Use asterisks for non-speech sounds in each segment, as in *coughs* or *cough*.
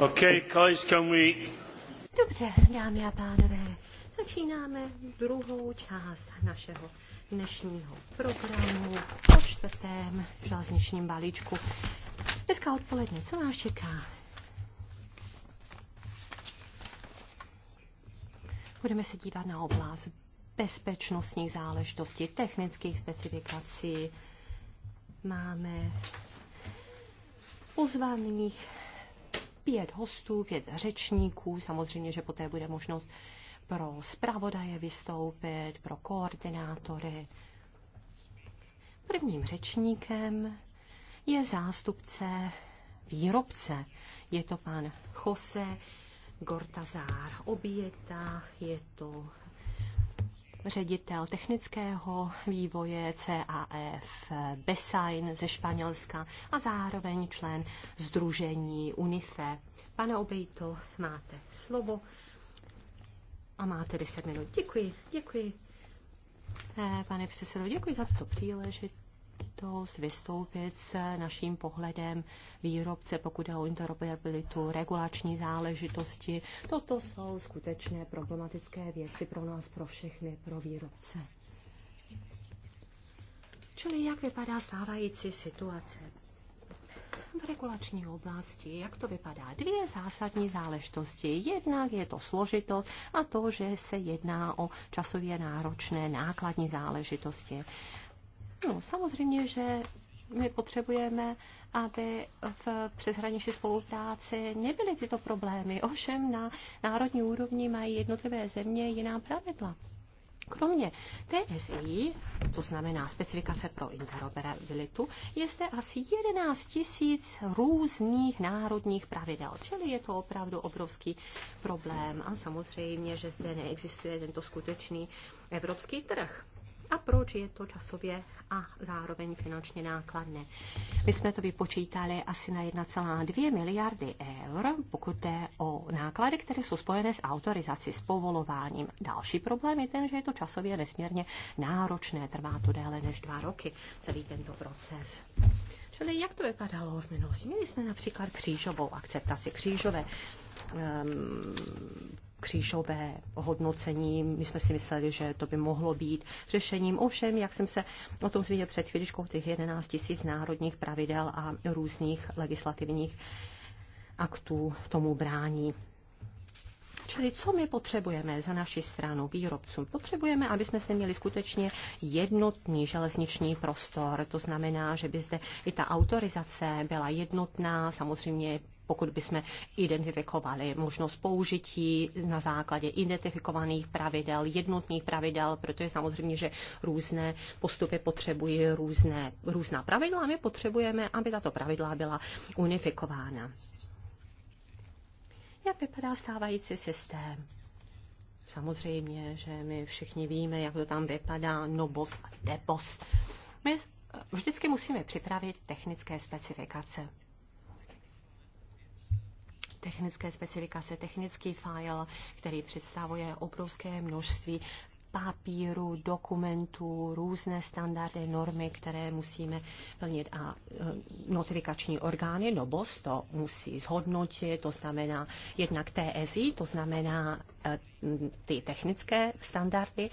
Okay, guys, can we... Dobře, dámy a pánové, začínáme druhou část našeho dnešního programu po čtvrtém železničním balíčku. Dneska odpoledne, co nás čeká? Budeme se dívat na oblast bezpečnostních záležitostí, technických specifikací. Máme pozvaných pět hostů, pět řečníků. Samozřejmě, že poté bude možnost pro zpravodaje vystoupit, pro koordinátory. Prvním řečníkem je zástupce výrobce. Je to pan Jose Gortazár Obieta, je to ředitel technického vývoje CAF Besain ze Španělska a zároveň člen Združení UNIFE. Pane Obejto, máte slovo a máte 10 minut. Děkuji, děkuji. Eh, pane předsedo, děkuji za tuto příležitost příležitost vystoupit se naším pohledem výrobce, pokud je o interoperabilitu, regulační záležitosti. Toto jsou skutečné problematické věci pro nás, pro všechny, pro výrobce. Čili jak vypadá stávající situace? v regulační oblasti, jak to vypadá, dvě zásadní záležitosti. Jednak je to složitost a to, že se jedná o časově náročné nákladní záležitosti. No, samozřejmě, že my potřebujeme, aby v přeshraniční spolupráci nebyly tyto problémy. Ovšem na národní úrovni mají jednotlivé země jiná pravidla. Kromě TSI, to znamená specifikace pro interoperabilitu, je zde asi 11 tisíc různých národních pravidel, čili je to opravdu obrovský problém a samozřejmě, že zde neexistuje tento skutečný evropský trh a proč je to časově a zároveň finančně nákladné. My jsme to vypočítali asi na 1,2 miliardy eur, pokud jde o náklady, které jsou spojené s autorizací, s povolováním. Další problém je ten, že je to časově nesmírně náročné, trvá to déle než dva roky celý tento proces. Čili jak to vypadalo v minulosti? Měli jsme například křížovou akceptaci, křížové um, křížové hodnocení. My jsme si mysleli, že to by mohlo být řešením. Ovšem, jak jsem se o tom zvěděl před chvíličkou, těch 11 tisíc národních pravidel a různých legislativních aktů tomu brání. Čili co my potřebujeme za naši stranu výrobcům? Potřebujeme, aby jsme zde měli skutečně jednotný železniční prostor. To znamená, že by zde i ta autorizace byla jednotná, samozřejmě pokud bychom identifikovali možnost použití na základě identifikovaných pravidel, jednotných pravidel, protože samozřejmě, že různé postupy potřebují různé, různá pravidla a my potřebujeme, aby tato pravidla byla unifikována. Jak vypadá stávající systém? Samozřejmě, že my všichni víme, jak to tam vypadá, NOBOS a DEPOS. My vždycky musíme připravit technické specifikace technické specifikace, technický file, který představuje obrovské množství papíru, dokumentů, různé standardy, normy, které musíme plnit a e, notifikační orgány, no BOS to musí zhodnotit, to znamená jednak TSI, to znamená Eh, ty technické standardy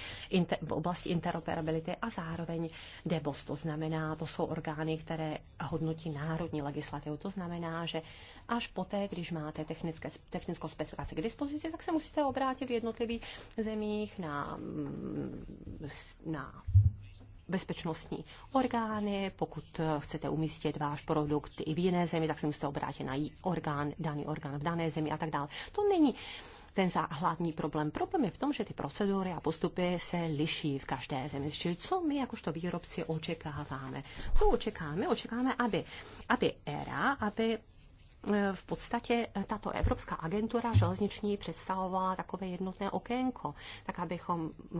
v oblasti interoperability a zároveň DEBOS, to znamená, to jsou orgány, které hodnotí národní legislativu. To znamená, že až poté, když máte technické, technickou specifikaci k dispozici, tak se musíte obrátit v jednotlivých zemích na, mm, na bezpečnostní orgány, pokud chcete umístit váš produkt i v jiné zemi, tak se musíte obrátit na orgán, daný orgán v dané zemi a tak dále. To není uh, ten hlavní problém. Problém je v tom, že ty procedury a postupy se liší v každé zemi. Čili co my jakožto výrobci očekáváme? Co očekáváme? Očekáváme, aby, aby ERA, aby e, v podstatě tato Evropská agentura železniční představovala takové jednotné okénko, tak abychom e,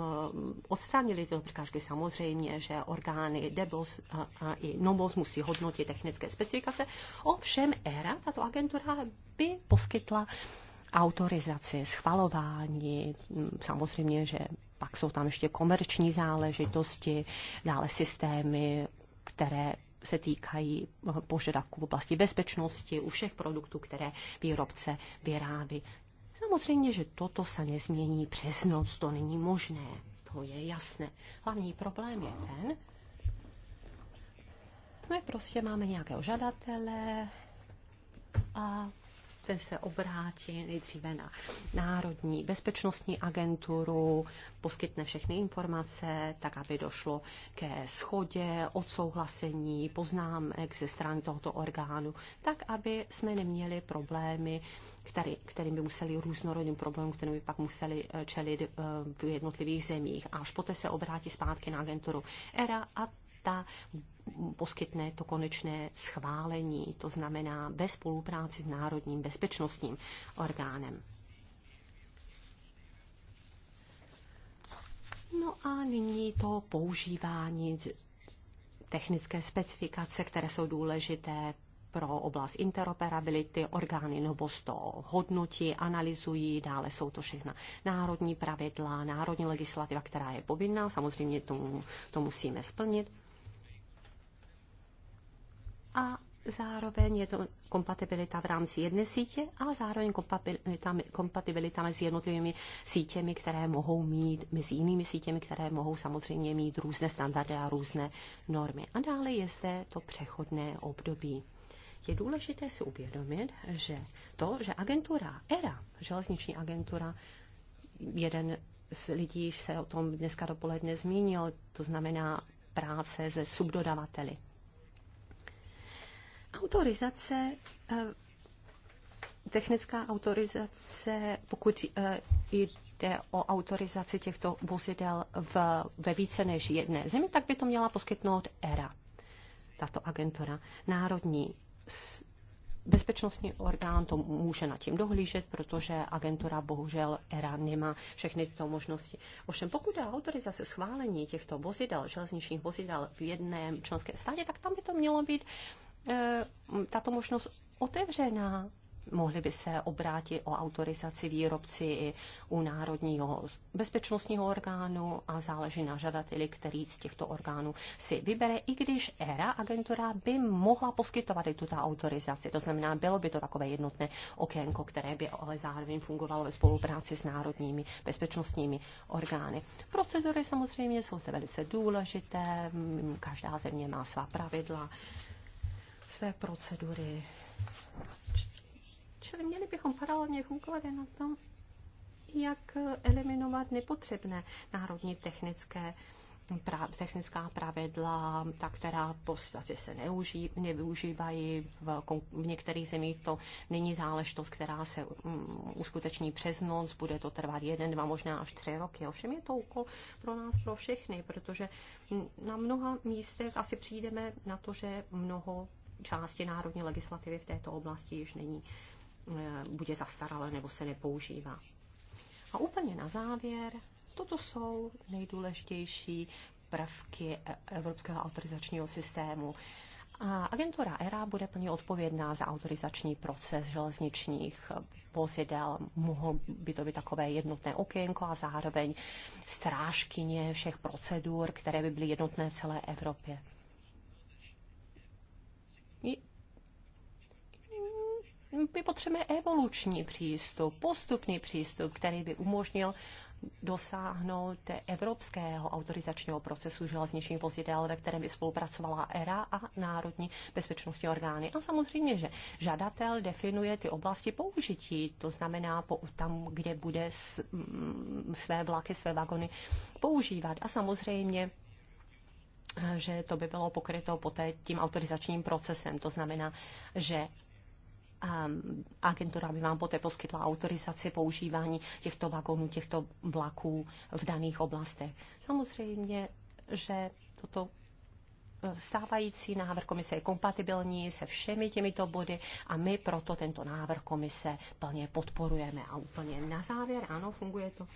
odstranili ty překážky. Samozřejmě, že orgány DEBOS a i NOBOS musí hodnotit technické specifikace. Ovšem ERA, tato agentura, by poskytla autorizaci, schvalování, samozřejmě, že pak jsou tam ještě komerční záležitosti, dále systémy, které se týkají požadavků v oblasti bezpečnosti u všech produktů, které výrobce vyrábí. Samozřejmě, že toto se nezmění přes noc, to není možné, to je jasné. Hlavní problém je ten, my prostě máme nějakého žadatele a ten se obrátí nejdříve na Národní bezpečnostní agenturu, poskytne všechny informace, tak aby došlo ke schodě, odsouhlasení, poznámek ze strany tohoto orgánu, tak aby jsme neměli problémy, který, kterým by museli různorodým problémům, kterým by pak museli eh, čelit eh, v jednotlivých zemích. A až poté se obrátí zpátky na agenturu ERA a ta poskytne to konečné schválení, to znamená ve spolupráci s Národním bezpečnostním orgánem. No a nyní to používání technické specifikace, které jsou důležité pro oblast interoperability, orgány NOBOS to hodnotí, analyzují, dále jsou to všechna národní pravidla, národní legislativa, která je povinná, samozřejmě tomu, to musíme splnit a zároveň je to kompatibilita v rámci jedné sítě a zároveň kompatibilita, kompatibilita mezi jednotlivými sítěmi, které mohou mít, mezi jinými sítěmi, které mohou samozřejmě mít různé standardy a různé normy. A dále je zde to přechodné období. Je důležité si uvědomit, že to, že agentura ERA, železniční agentura, jeden z lidí se o tom dneska dopoledne zmínil, to znamená práce se subdodavateli. Autorizace, eh, technická autorizace, pokud eh, jde o autorizaci těchto vozidel v, ve více než jedné zemi, tak by to měla poskytnout ERA, tato agentura. Národní bezpečnostní orgán to může nad tím dohlížet, protože agentura bohužel ERA nemá všechny tyto možnosti. Ovšem pokud je autorizace schválení těchto vozidel, železničních vozidel v jedném členském státě, tak tam by to mělo být Eh, tato možnost otevřená. Mohli by se obrátit o autorizaci výrobci i u Národního bezpečnostního orgánu a záleží na žadateli, který z těchto orgánů si vybere, i když ERA agentura by mohla poskytovat i tuto autorizaci. To znamená, bylo by to takové jednotné okénko, které by ale zároveň fungovalo ve spolupráci s národními bezpečnostními orgány. Procedury samozřejmě jsou zde velice důležité, každá země má svá pravidla své procedury. Čili měli bychom paralelně fungovat na tom, jak eliminovat nepotřebné národní technické práv technická pravidla, ta, která v podstatě se neuží, nevyužívají. V, v některých zemích to není záležitost, která se um, uskuteční přes noc, bude to trvat jeden, dva, možná až tři roky. Ovšem je to úkol pro nás, pro všechny, protože na mnoha místech asi přijdeme na to, že mnoho části národní legislativy v této oblasti již není, eh, bude zastaralé nebo se nepoužívá. A úplně na závěr, toto jsou nejdůležitější prvky e- evropského autorizačního systému. A agentura ERA bude plně odpovědná za autorizační proces železničních eh, vozidel. Mohlo by to být takové jednotné okénko a zároveň strážkyně všech procedur, které by byly jednotné celé Evropě. My potřebujeme evoluční přístup, postupný přístup, který by umožnil dosáhnout evropského autorizačního procesu železničních vozidel, ve kterém by spolupracovala ERA a národní bezpečnostní orgány. A samozřejmě, že žadatel definuje ty oblasti použití, to znamená tam, kde bude mm, své vlaky, své vagony používat. A samozřejmě že to by bylo pokryto poté tím autorizačním procesem. To znamená, že Ehm, agentura by vám poté poskytla autorizaci používání těchto vagonů, těchto vlaků v daných oblastech. Samozřejmě, že toto eh, stávající návrh komise je kompatibilní se všemi těmito body a my proto tento návrh komise plně podporujeme. A úplně na závěr, ano, funguje to.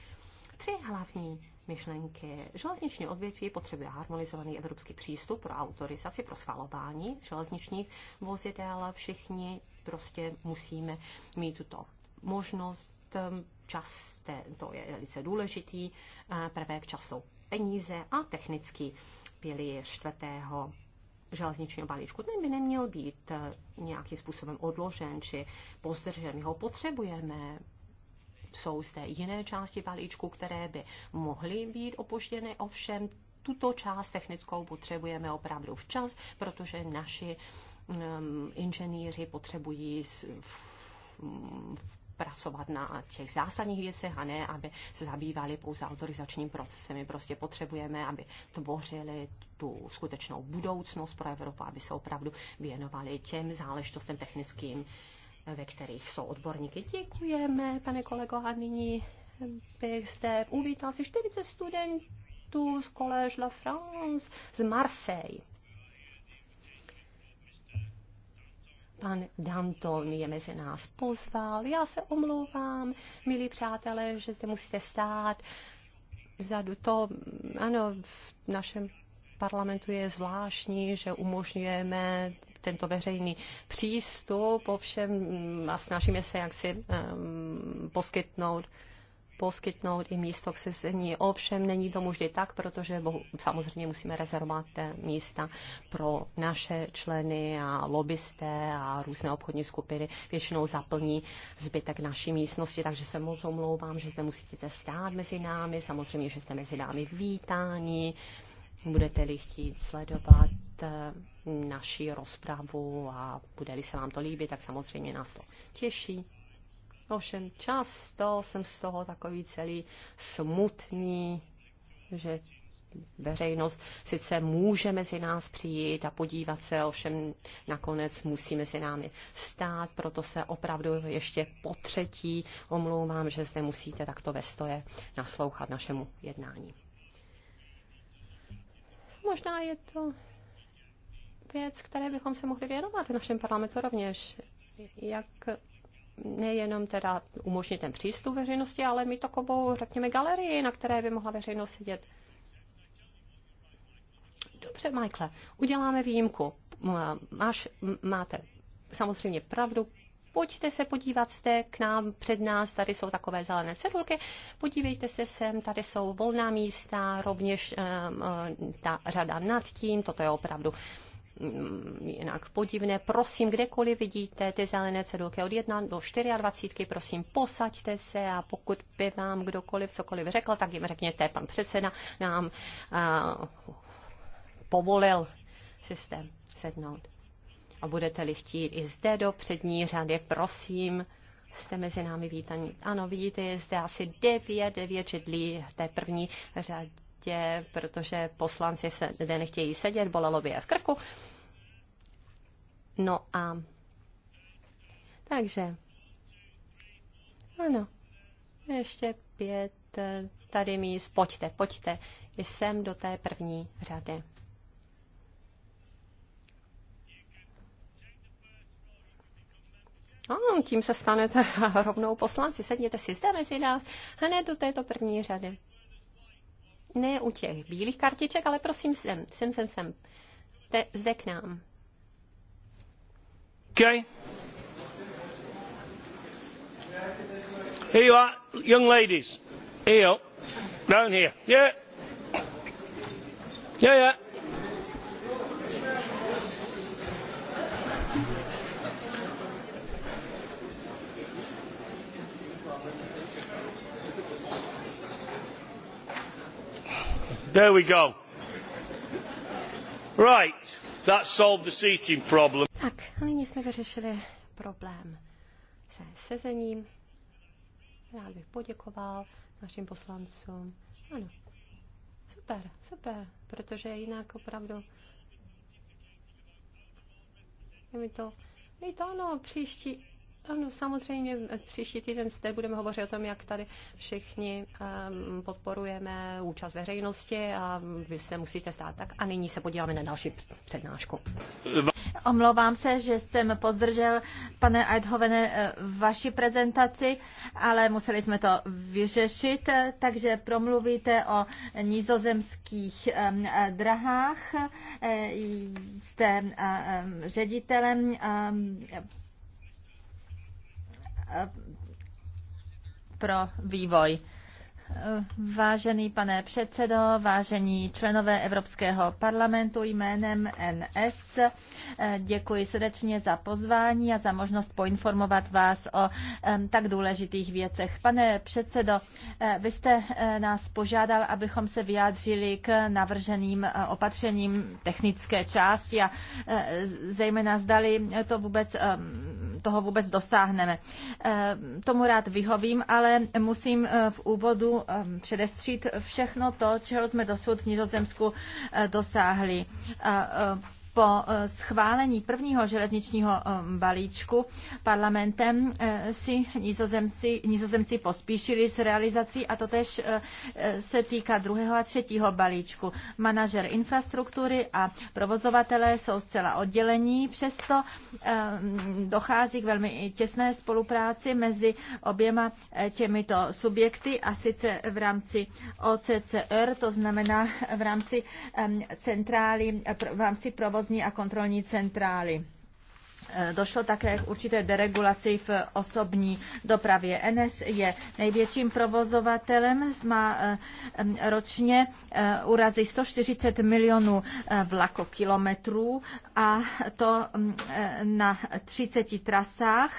Tři hlavní myšlenky. Železniční odvětví potřebuje harmonizovaný evropský přístup pro autorizaci, pro schvalování železničních vozidel. Všichni prostě musíme mít tuto možnost. Um, čas, to je velice důležitý uh, prvek času peníze a technický pilíř čtvrtého železničního balíčku. Ten by neměl být uh, nějakým způsobem odložen či pozdržen. My ho potřebujeme. Jsou zde jiné části balíčku, které by mohly být opožděny, ovšem tuto část technickou potřebujeme opravdu včas, protože naši Ehm, inženýři potřebují pracovat na těch zásadních věcech a ne, aby se zabývali pouze autorizačním procesem. My prostě potřebujeme, aby tvořili tu skutečnou budoucnost pro Evropu, aby se opravdu věnovali těm záležitostem technickým, ve kterých jsou odborníky. Děkujeme, pane kolego, a nyní bych zde uvítal asi 40 studentů z Collège La France z Marseille. pan Danton je mezi nás pozval. Já se omlouvám, milí přátelé, že zde musíte stát. Vzadu to, ano, v našem parlamentu je zvláštní, že umožňujeme tento veřejný přístup, ovšem mm, a snažíme se jaksi um, ehm, poskytnout poskytnout i místo k sezení. Ovšem není to vždy tak, protože bohu, samozřejmě musíme rezervovat místa pro naše členy a lobbysté a různé obchodní skupiny. Většinou zaplní zbytek naší místnosti, takže se moc omlouvám, že zde musíte stát mezi námi. Samozřejmě, že jste mezi námi vítání Budete-li chtít sledovat eh, naši rozpravu a bude-li se vám to líbit, tak samozřejmě nás to těší. Ovšem často jsem z toho takový celý smutný, že veřejnost sice může mezi nás přijít a podívat se, ovšem nakonec musí mezi námi stát, proto se opravdu ještě po třetí omlouvám, že zde musíte takto ve stoje naslouchat našemu jednání. Možná je to věc, které bychom se mohli věnovat v našem parlamentu rovněž. Jak nejenom teda umožnit ten přístup veřejnosti, ale mít takovou, řekněme, galerii, na které by mohla veřejnost sedět. Dobře, Michael, uděláme výjimku. Máš, máte samozřejmě pravdu, pojďte se podívat, jste k nám před nás, tady jsou takové zelené cedulky, podívejte se sem, tady jsou volná místa, rovněž um, ta řada nad tím, toto je opravdu Mm, jinak podivné. Prosím, kdekoliv vidíte ty zelené cedulky od 1 do 24, prosím, posaďte se a pokud by vám kdokoliv cokoliv řekl, tak jim řekněte, pan předseda nám a, povolil systém sednout. A budete-li chtít i zde do přední řady, prosím, jste mezi námi vítaní. Ano, vidíte, je zde asi devět, devět židlí v té první řadě radě, prostě, protože poslanci se lidé nechtějí sedět, bolelo by je v krku. No a takže ano, ještě pět tady míst, pojďte, pojďte Jsem do té první řady. No, tím se stanete *laughs* rovnou poslanci. Sedněte si zde mezi nás, hned do této první řady. Ne u těch bílých kartiček, ale prosím sem, sem, sem, sem. Te, zde k nám. Okay. Here you are, young ladies. Here you are. Down here. Yeah. Yeah, yeah. There we go. Right, that solved the seating problem. Tak, a nyní jsme vyřešili problém se sezením. Já bych poděkoval našim poslancům. Ano, super, super, protože jinak opravdu je mi to, je to ano, příští, ano, samozřejmě příští týden zde budeme hovořit o tom, jak tady všichni um, podporujeme účast veřejnosti a vy se musíte stát tak. A nyní se podíváme na další přednášku. Omlouvám se, že jsem pozdržel, pane Eidhovene, eh, vaši prezentaci, ale museli jsme to vyřešit, eh, takže promluvíte o nizozemských um, drahách. Jste um, ředitelem um, pro vývoj. Vážený pane předsedo, vážení členové Evropského parlamentu jménem NS, děkuji srdečně za pozvání a za možnost poinformovat vás o tak důležitých věcech. Pane předsedo, eh, vy jste eh, nás požádal, abychom se vyjádřili k navrženým eh, opatřením technické části a zejména zdali to vůbec toho vůbec dosáhneme. Eh, tomu rád vyhovím, ale musím eh, v úvodu eh, předestřít všechno to, čeho jsme dosud v Nizozemsku dosáhli po eh, schválení prvního železničního eh, balíčku parlamentem eh, si nizozemci, nizozemci pospíšili s realizací a to tež se týká druhého a třetího balíčku. Manažer infrastruktury a provozovatelé jsou zcela oddělení, přesto dochází k velmi těsné spolupráci mezi oběma těmito subjekty a sice v rámci OCCR, to znamená v rámci centrály, v rámci provozovatelů provozní a kontrolní centrály. E, došlo také k určité deregulaci v osobní dopravě. NS je největším provozovatelem, má e, ročně úrazy e, 140 milionů vlakokilometrů a to na 30 trasách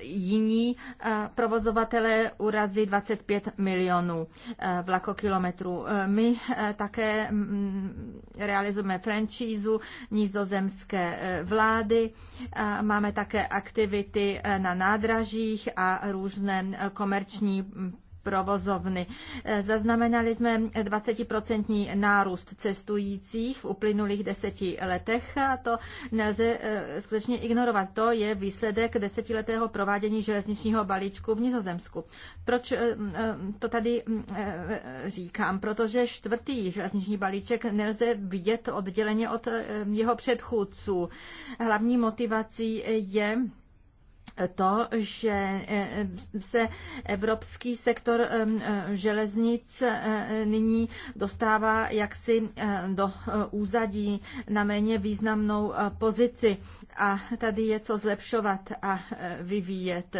jiní eh, provozovatelé urazí 25 milionů eh, vlakokilometrů. Eh, my také mm, realizujeme franšízu nizozemské vlády, máme také aktivity na nádražích a různé komerční mm, provozovny. Eh, zaznamenali jsme 20% nárůst cestujících v uplynulých deseti letech a to nelze eh, skutečně ignorovat. To je výsledek desetiletého provádění železničního balíčku v Nizozemsku. Proč eh, to tady mm, říkám? Protože čtvrtý železniční balíček nelze vidět odděleně od jeho předchůdců. Hlavní motivací je to, že eh, se evropský sektor eh, železnic eh, nyní dostává jaksi do úzadí na méně významnou pozici a tady je co zlepšovat a vyvíjet.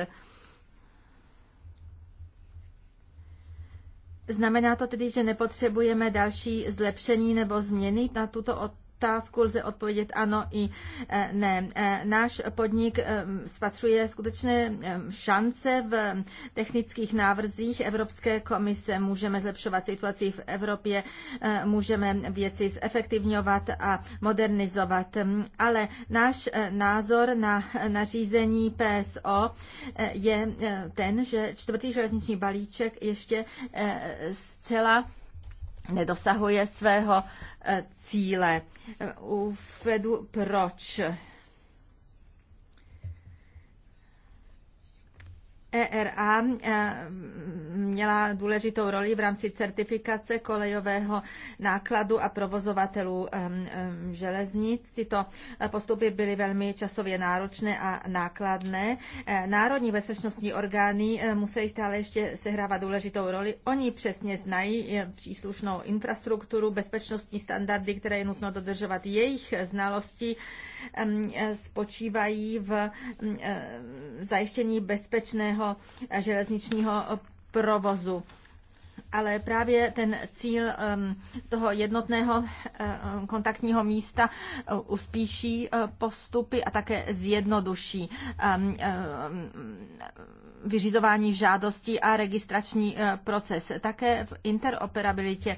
Znamená to tedy, že nepotřebujeme další zlepšení nebo změny? Na tuto otázku lze odpovědět ano i e, ne. E, náš podnik e, spatřuje skutečné šance v technických návrzích Evropské komise. Můžeme zlepšovat situaci v Evropě, můžeme věci zefektivňovat a modernizovat. Ale náš názor na nařízení PSO je ten, že čtvrtý železniční balíček ještě zcela nedosahuje svého eh, cíle. Eh, uvedu proč. ERA eh, měla důležitou roli v rámci certifikace kolejového nákladu a provozovatelů eh, eh, železnic. Tyto postupy byly velmi časově náročné a nákladné. Národní bezpečnostní orgány musí stále ještě sehrávat důležitou roli. Oni přesně znají příslušnou infrastrukturu, bezpečnostní standardy, které je nutno dodržovat jejich znalosti Eh, spočívají v eh, zajištění bezpečného eh, železničního provozu ale právě ten cíl um, toho jednotného um, kontaktního místa uh, uspíší uh, postupy a také zjednoduší um, vyřizování žádostí a registrační uh, proces. Také v interoperabilitě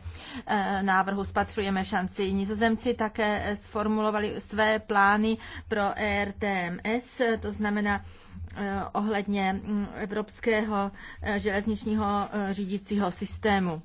návrhu spatřujeme šanci. Nizozemci také sformulovali své plány pro ERTMS, to znamená Eh, ohledně mm, evropského eh, železničního eh, řídícího systému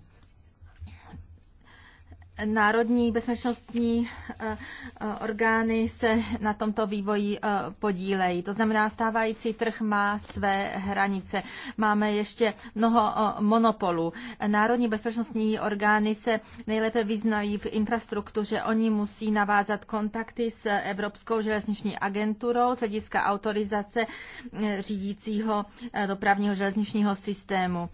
národní bezpečnostní eh, eh, orgány se na tomto vývoji eh, podílejí. To znamená, stávající trh má své hranice. Máme ještě mnoho monopolů. Národní bezpečnostní orgány se nejlépe vyznají v infrastruktuře. Oni musí navázat kontakty s Evropskou železniční agenturou z hlediska autorizace řídícího dopravního železničního systému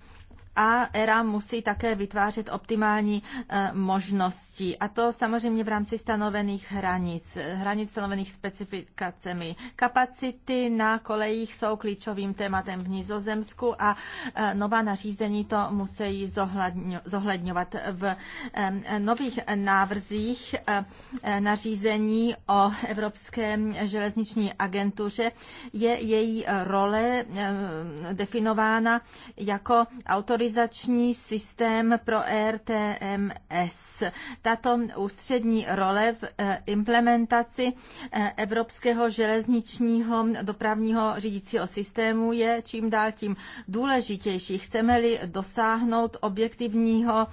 a ERA musí také vytvářet optimální e, možnosti. A to samozřejmě v rámci stanovených hranic, hranic stanovených specifikacemi. Kapacity na kolejích jsou klíčovým tématem v Nizozemsku a e, nová nařízení to musí zohledňovat. V e, nových návrzích nařízení o Evropské železniční agentuře je její role definována jako autorizace autorizační systém pro RTMS. Tato ústřední role v eh, implementaci eh, Evropského železničního dopravního řídícího systému je čím dál tím důležitější. Chceme-li dosáhnout objektivního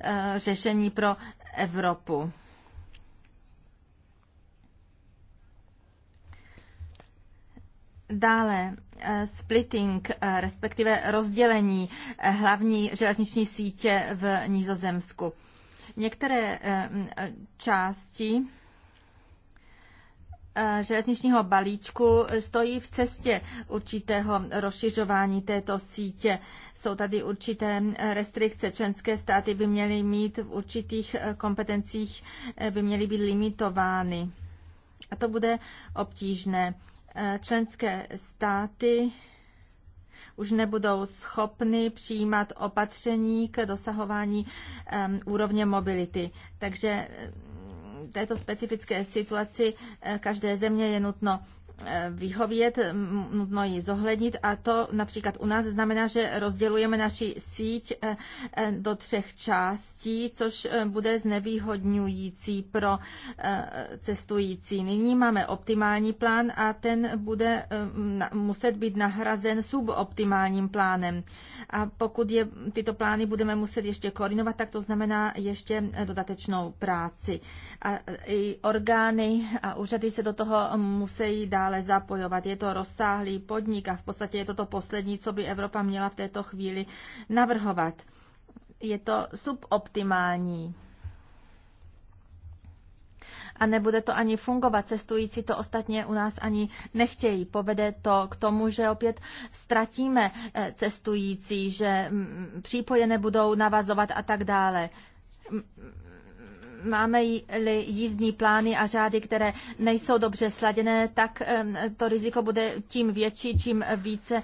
eh, řešení pro Evropu. Dále eh, splitting, eh, respektive rozdělení eh, hlavní železniční sítě v Nizozemsku. Některé části železničního balíčku stojí v cestě určitého rozšiřování této sítě. Jsou tady určité restrikce. Členské státy by měly mít v určitých kompetencích, by měly být limitovány. A to bude obtížné. Eh, členské státy už nebudou schopny přijímat opatření k dosahování um, úrovně mobility. Takže eh, této specifické situaci každé země je nutno vyhovět, nutno ji zohlednit a to například u nás znamená, že rozdělujeme naši síť e, e, do třech částí, což e, bude znevýhodňující pro cestující. Nyní máme optimální plán a ten bude muset být nahrazen suboptimálním plánem. A pokud je, tyto plány budeme muset ještě koordinovat, tak to znamená ještě dodatečnou práci. A i orgány a úřady se do toho musí dát dále zapojovat. Je to rozsáhlý podnik a v podstatě je to to poslední, co by Evropa měla v této chvíli navrhovat. Je to suboptimální a nebude to ani fungovat. Cestující to ostatně u nás ani nechtějí. Povede to k tomu, že opět ztratíme eh, cestující, že mm, mm, přípoje nebudou navazovat a tak dále máme-li jízdní plány a řády, které nejsou dobře sladěné, tak to riziko bude tím větší, čím více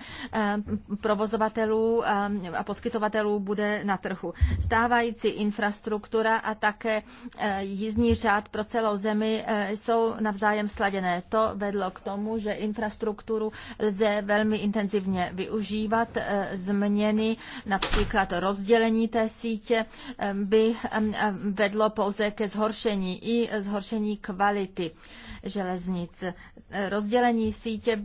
provozovatelů a poskytovatelů bude na trhu. Stávající infrastruktura a také e, jízdní řád pro celou zemi e, jsou navzájem sladěné. To vedlo k tomu, že infrastrukturu lze velmi intenzivně využívat. E, změny, například rozdělení té sítě, by vedlo pouze ke zhoršení i zhoršení kvality železnic. Rozdělení sítě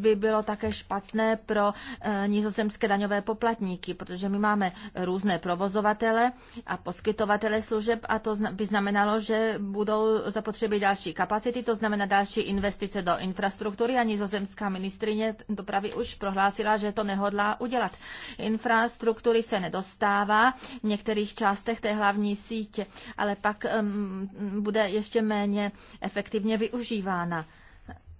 by bylo také špatné pro eh, nizozemské daňové poplatníky, protože my máme různé provozovatele a poskytovatele služeb a to by znamenalo, že budou zapotřebí další kapacity, to znamená další investice do infrastruktury a nizozemská ministrině dopravy už prohlásila, že to nehodlá udělat. Infrastruktury se nedostává v některých částech té hlavní sítě, ale pak Um, bude ještě méně efektivně využívána.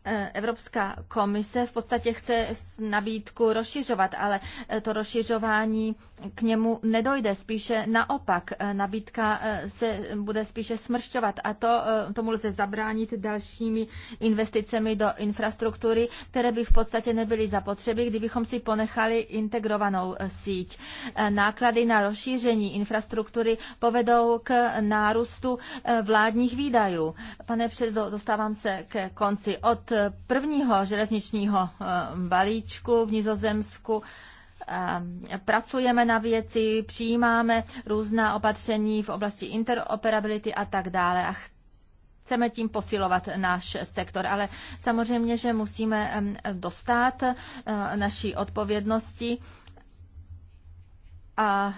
Eh, Evropská komise v podstatě chce nabídku rozšiřovat, ale eh, to rozšiřování k němu nedojde, spíše naopak. Eh, nabídka se bude spíše smršťovat a to, tomu lze zabránit dalšími investicemi do infrastruktury, které by v podstatě nebyly zapotřeby, kdybychom si ponechali integrovanou síť. Náklady na rozšíření infrastruktury povedou k nárůstu vládních výdajů. Pane předsedo, dostávám se ke konci. Od prvního železničního eh, balíčku v Nizozemsku eh, pracujeme na věci, přijímáme různá opatření v oblasti interoperability a tak dále. A chceme tím posilovat náš sektor, ale samozřejmě, že musíme dostat eh, naší odpovědnosti a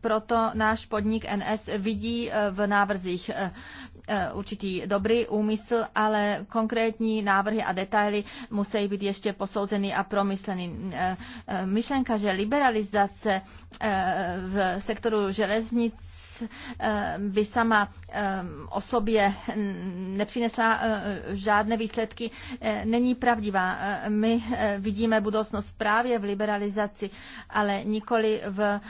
proto náš podnik NS vidí eh, v návrzích eh, eh, určitý dobrý úmysl, ale konkrétní návrhy a detaily musí být ještě posouzeny a promysleny. Myšlenka, že liberalizace v sektoru železnic by sama o sobě nepřinesla žádné výsledky, není pravdivá. My vidíme budoucnost právě v liberalizaci, ale nikoli v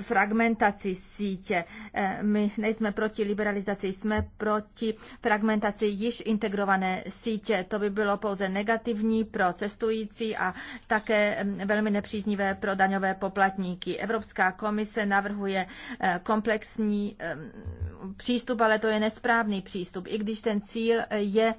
fragmentaci sítě. Eh, my nejsme proti liberalizaci, jsme proti fragmentaci již integrované sítě. To by bylo pouze negativní pro cestující a také mm, velmi nepříznivé pro daňové poplatníky. Evropská komise navrhuje eh, komplexní eh, přístup, ale to je nesprávný přístup, i když ten cíl je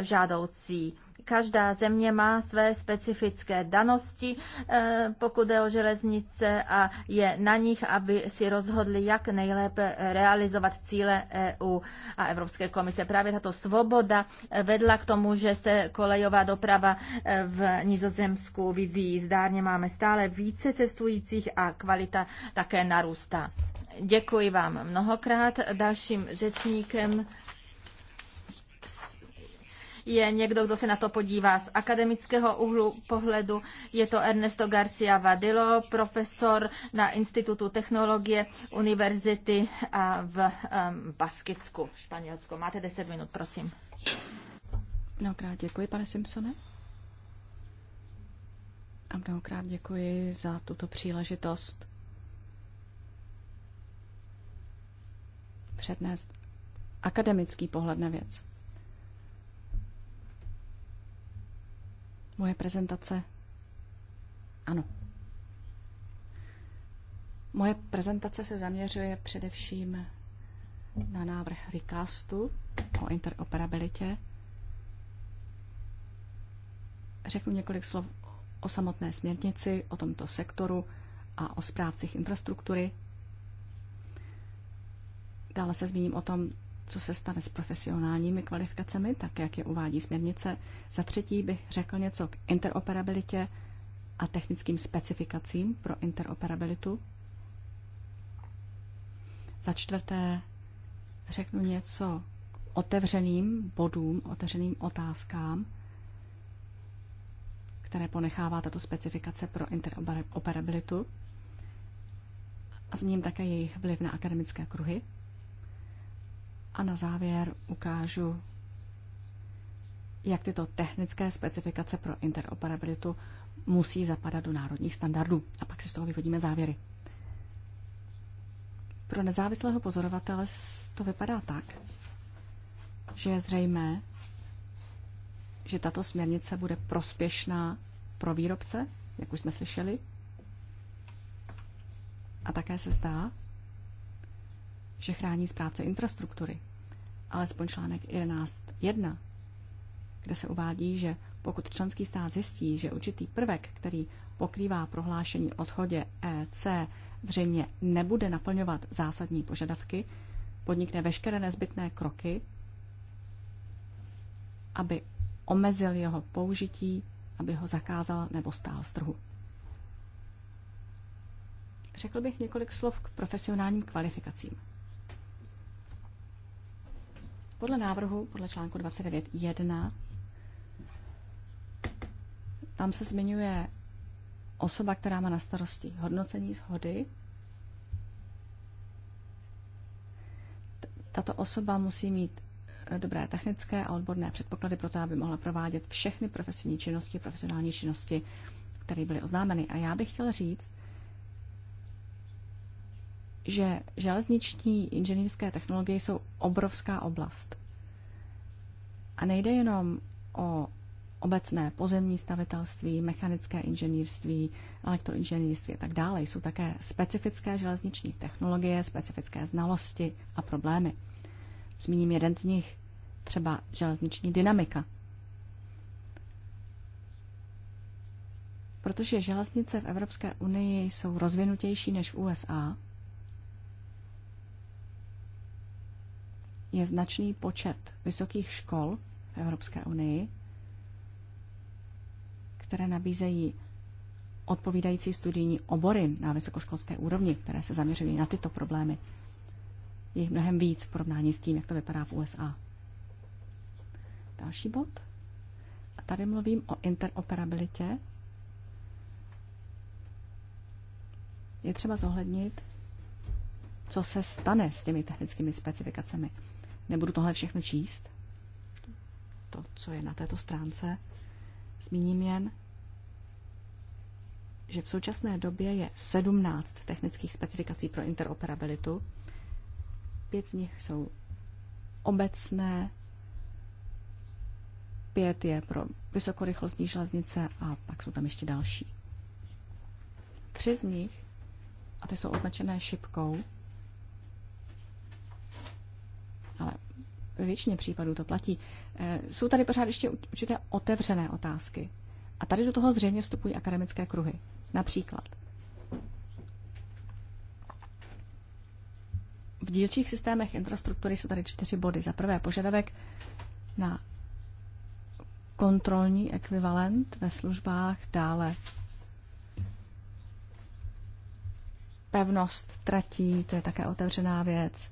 žádoucí. Každá země má své specifické danosti, eh, pokud je o železnice a je na nich, aby si rozhodli, jak nejlépe realizovat cíle EU a Evropské komise. Právě tato svoboda eh, vedla k tomu, že se kolejová doprava eh, v Nizozemsku vyvíjí. Zdárně máme stále více cestujících a kvalita také narůstá. Děkuji vám mnohokrát. Dalším řečníkem je někdo, kdo se na to podívá z akademického úhlu pohledu. Je to Ernesto Garcia Vadillo, profesor na Institutu technologie Univerzity v Baskicku, Španělsko. Máte 10 minut, prosím. Mnohokrát děkuji, pane Simpsone. A mnohokrát děkuji za tuto příležitost přednést akademický pohled na věc. moje prezentace? Ano. Moje prezentace se zaměřuje především na návrh recastu o interoperabilitě. Řeknu několik slov o samotné směrnici, o tomto sektoru a o správcích infrastruktury. Dále se zmíním o tom, co se stane s profesionálními kvalifikacemi, tak jak je uvádí směrnice. Za třetí bych řekl něco k interoperabilitě a technickým specifikacím pro interoperabilitu. Za čtvrté řeknu něco k otevřeným bodům, otevřeným otázkám, které ponechává tato specifikace pro interoperabilitu. A zmíním také jejich vliv na akademické kruhy. A na závěr ukážu, jak tyto technické specifikace pro interoperabilitu musí zapadat do národních standardů. A pak si z toho vyvodíme závěry. Pro nezávislého pozorovatele to vypadá tak, že je zřejmé, že tato směrnice bude prospěšná pro výrobce, jak už jsme slyšeli. A také se zdá, že chrání správce infrastruktury, alespoň článek 11.1, kde se uvádí, že pokud členský stát zjistí, že určitý prvek, který pokrývá prohlášení o shodě EC, zřejmě nebude naplňovat zásadní požadavky, podnikne veškeré nezbytné kroky, aby omezil jeho použití, aby ho zakázal nebo stál z trhu. Řekl bych několik slov k profesionálním kvalifikacím. Podle návrhu, podle článku 29.1, tam se zmiňuje osoba, která má na starosti hodnocení shody. Tato osoba musí mít eh, dobré technické a odborné předpoklady pro to, aby mohla provádět všechny profesionální činnosti, profesionální činnosti, které byly oznámeny. A já bych chtěla říct, že železniční inženýrské technologie jsou obrovská oblast. A nejde jenom o obecné pozemní stavitelství, mechanické inženýrství, elektroinženýrství a tak dále. Jsou také specifické železniční technologie, specifické znalosti a problémy. Zmíním jeden z nich, třeba železniční dynamika. Protože železnice v Evropské unii jsou rozvinutější než v USA, je značný počet vysokých škol v Evropské unii, které nabízejí odpovídající studijní obory na vysokoškolské úrovni, které se zaměřují na tyto problémy. Je jich mnohem víc v porovnání s tím, jak to vypadá v USA. Další bod. A tady mluvím o interoperabilitě. Je třeba zohlednit, co se stane s těmi technickými specifikacemi. Nebudu tohle všechno číst, to, co je na této stránce. Zmíním jen, že v současné době je 17 technických specifikací pro interoperabilitu. Pět z nich jsou obecné, pět je pro vysokorychlostní železnice a pak jsou tam ještě další. Tři z nich, a ty jsou označené šipkou, Ve většině případů to platí. Eh, jsou tady pořád ještě určité otevřené otázky. A tady do toho zřejmě vstupují akademické kruhy. Například. V dílčích systémech infrastruktury jsou tady čtyři body. Za prvé požadavek na kontrolní ekvivalent ve službách, dále pevnost tratí, to je také otevřená věc,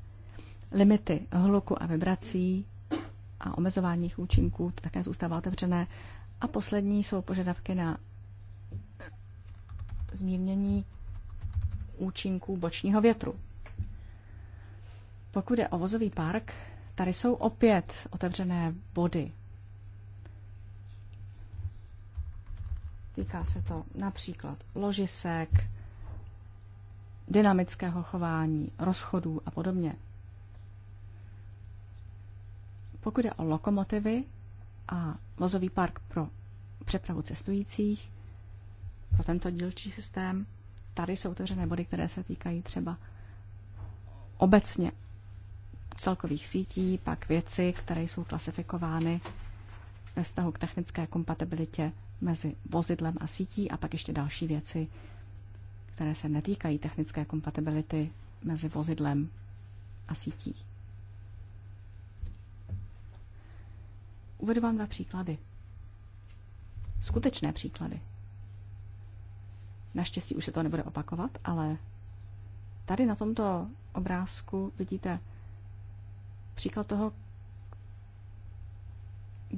limity hluku a vibrací a omezování jejich účinků, to také zůstává otevřené. A poslední jsou požadavky na eh, zmírnění účinků bočního větru. Pokud je o vozový park, tady jsou opět otevřené body. Týká se to například ložisek, dynamického chování, rozchodů a podobně. Pokud je o lokomotivy a vozový park pro přepravu cestujících, pro tento dílčí systém, tady jsou otevřené body, které se týkají třeba obecně celkových sítí, pak věci, které jsou klasifikovány ve vztahu k technické kompatibilitě mezi vozidlem a sítí a pak ještě další věci, které se netýkají technické kompatibility mezi vozidlem a sítí. Uvedu vám dva příklady. Skutečné příklady. Naštěstí už se to nebude opakovat, ale tady na tomto obrázku vidíte příklad toho,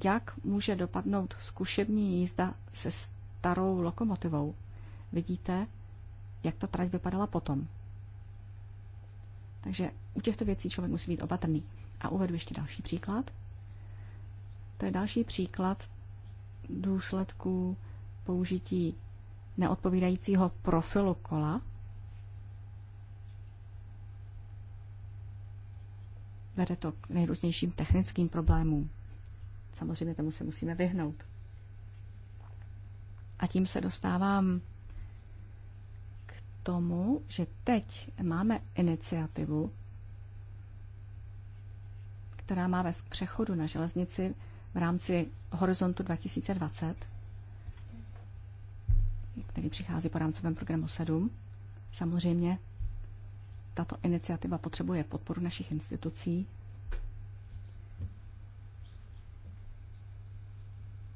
jak může dopadnout zkušební jízda se starou lokomotivou. Vidíte, jak ta trať vypadala potom. Takže u těchto věcí člověk musí být opatrný. A uvedu ještě další příklad. To je další příklad důsledků použití neodpovídajícího profilu kola. Vede to k nejrůznějším technickým problémům. Samozřejmě tomu se musíme vyhnout. A tím se dostávám k tomu, že teď máme iniciativu, která má vést k přechodu na železnici v rámci Horizontu 2020, který přichází po rámcovém programu 7. Samozřejmě tato iniciativa potřebuje podporu našich institucí.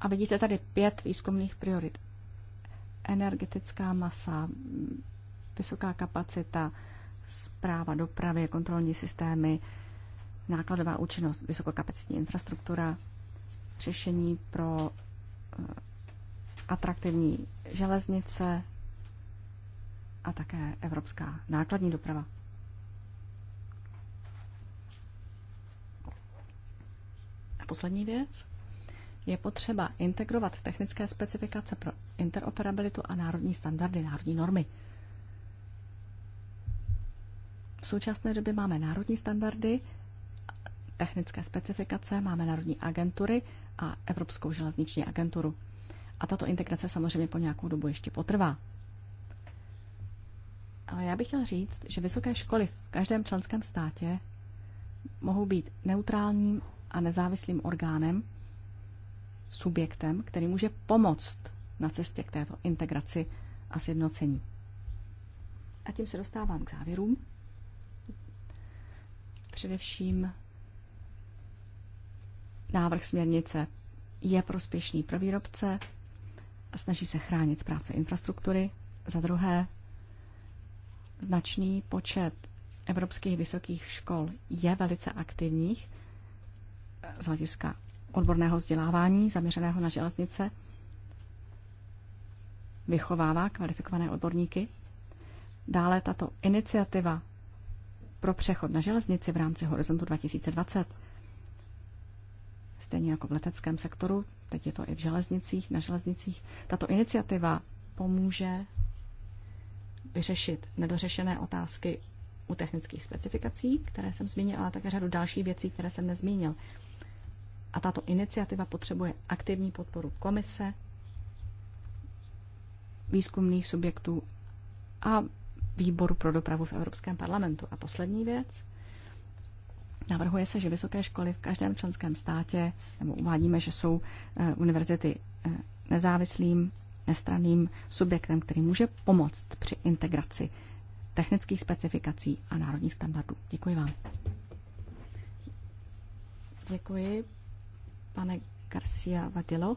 A vidíte tady pět výzkumných priorit. Energetická masa, vysoká kapacita, zpráva dopravy, kontrolní systémy, nákladová účinnost, vysokokapacitní infrastruktura, řešení pro eh, atraktivní železnice a také evropská nákladní doprava. A poslední věc. Je potřeba integrovat technické specifikace pro interoperabilitu a národní standardy, národní normy. V současné době máme národní standardy, technické specifikace, máme národní agentury a Evropskou železniční agenturu. A tato integrace samozřejmě po nějakou dobu ještě potrvá. Ale já bych chtěl říct, že vysoké školy v každém členském státě mohou být neutrálním a nezávislým orgánem, subjektem, který může pomoct na cestě k této integraci a sjednocení. A tím se dostávám k závěrům. Především návrh směrnice je prospěšný pro výrobce a snaží se chránit zprávce infrastruktury. Za druhé, značný počet evropských vysokých škol je velice aktivních eh, z hlediska odborného vzdělávání zaměřeného na železnice, vychovává kvalifikované odborníky. Dále tato iniciativa pro přechod na železnici v rámci Horizontu 2020 stejně jako v leteckém sektoru, teď je to i v železnicích, na železnicích. Tato iniciativa pomůže vyřešit nedořešené otázky u technických specifikací, které jsem zmínil, ale také řadu dalších věcí, které jsem nezmínil. A tato iniciativa potřebuje aktivní podporu komise, výzkumných subjektů a výboru pro dopravu v Evropském parlamentu. A poslední věc – Navrhuje se, že vysoké školy v každém členském státě, nebo uvádíme, že jsou eh, univerzity eh, nezávislým, nestraným subjektem, který může pomoct při integraci technických specifikací a národních standardů. Děkuji vám. Děkuji, pane Garcia Vadilo.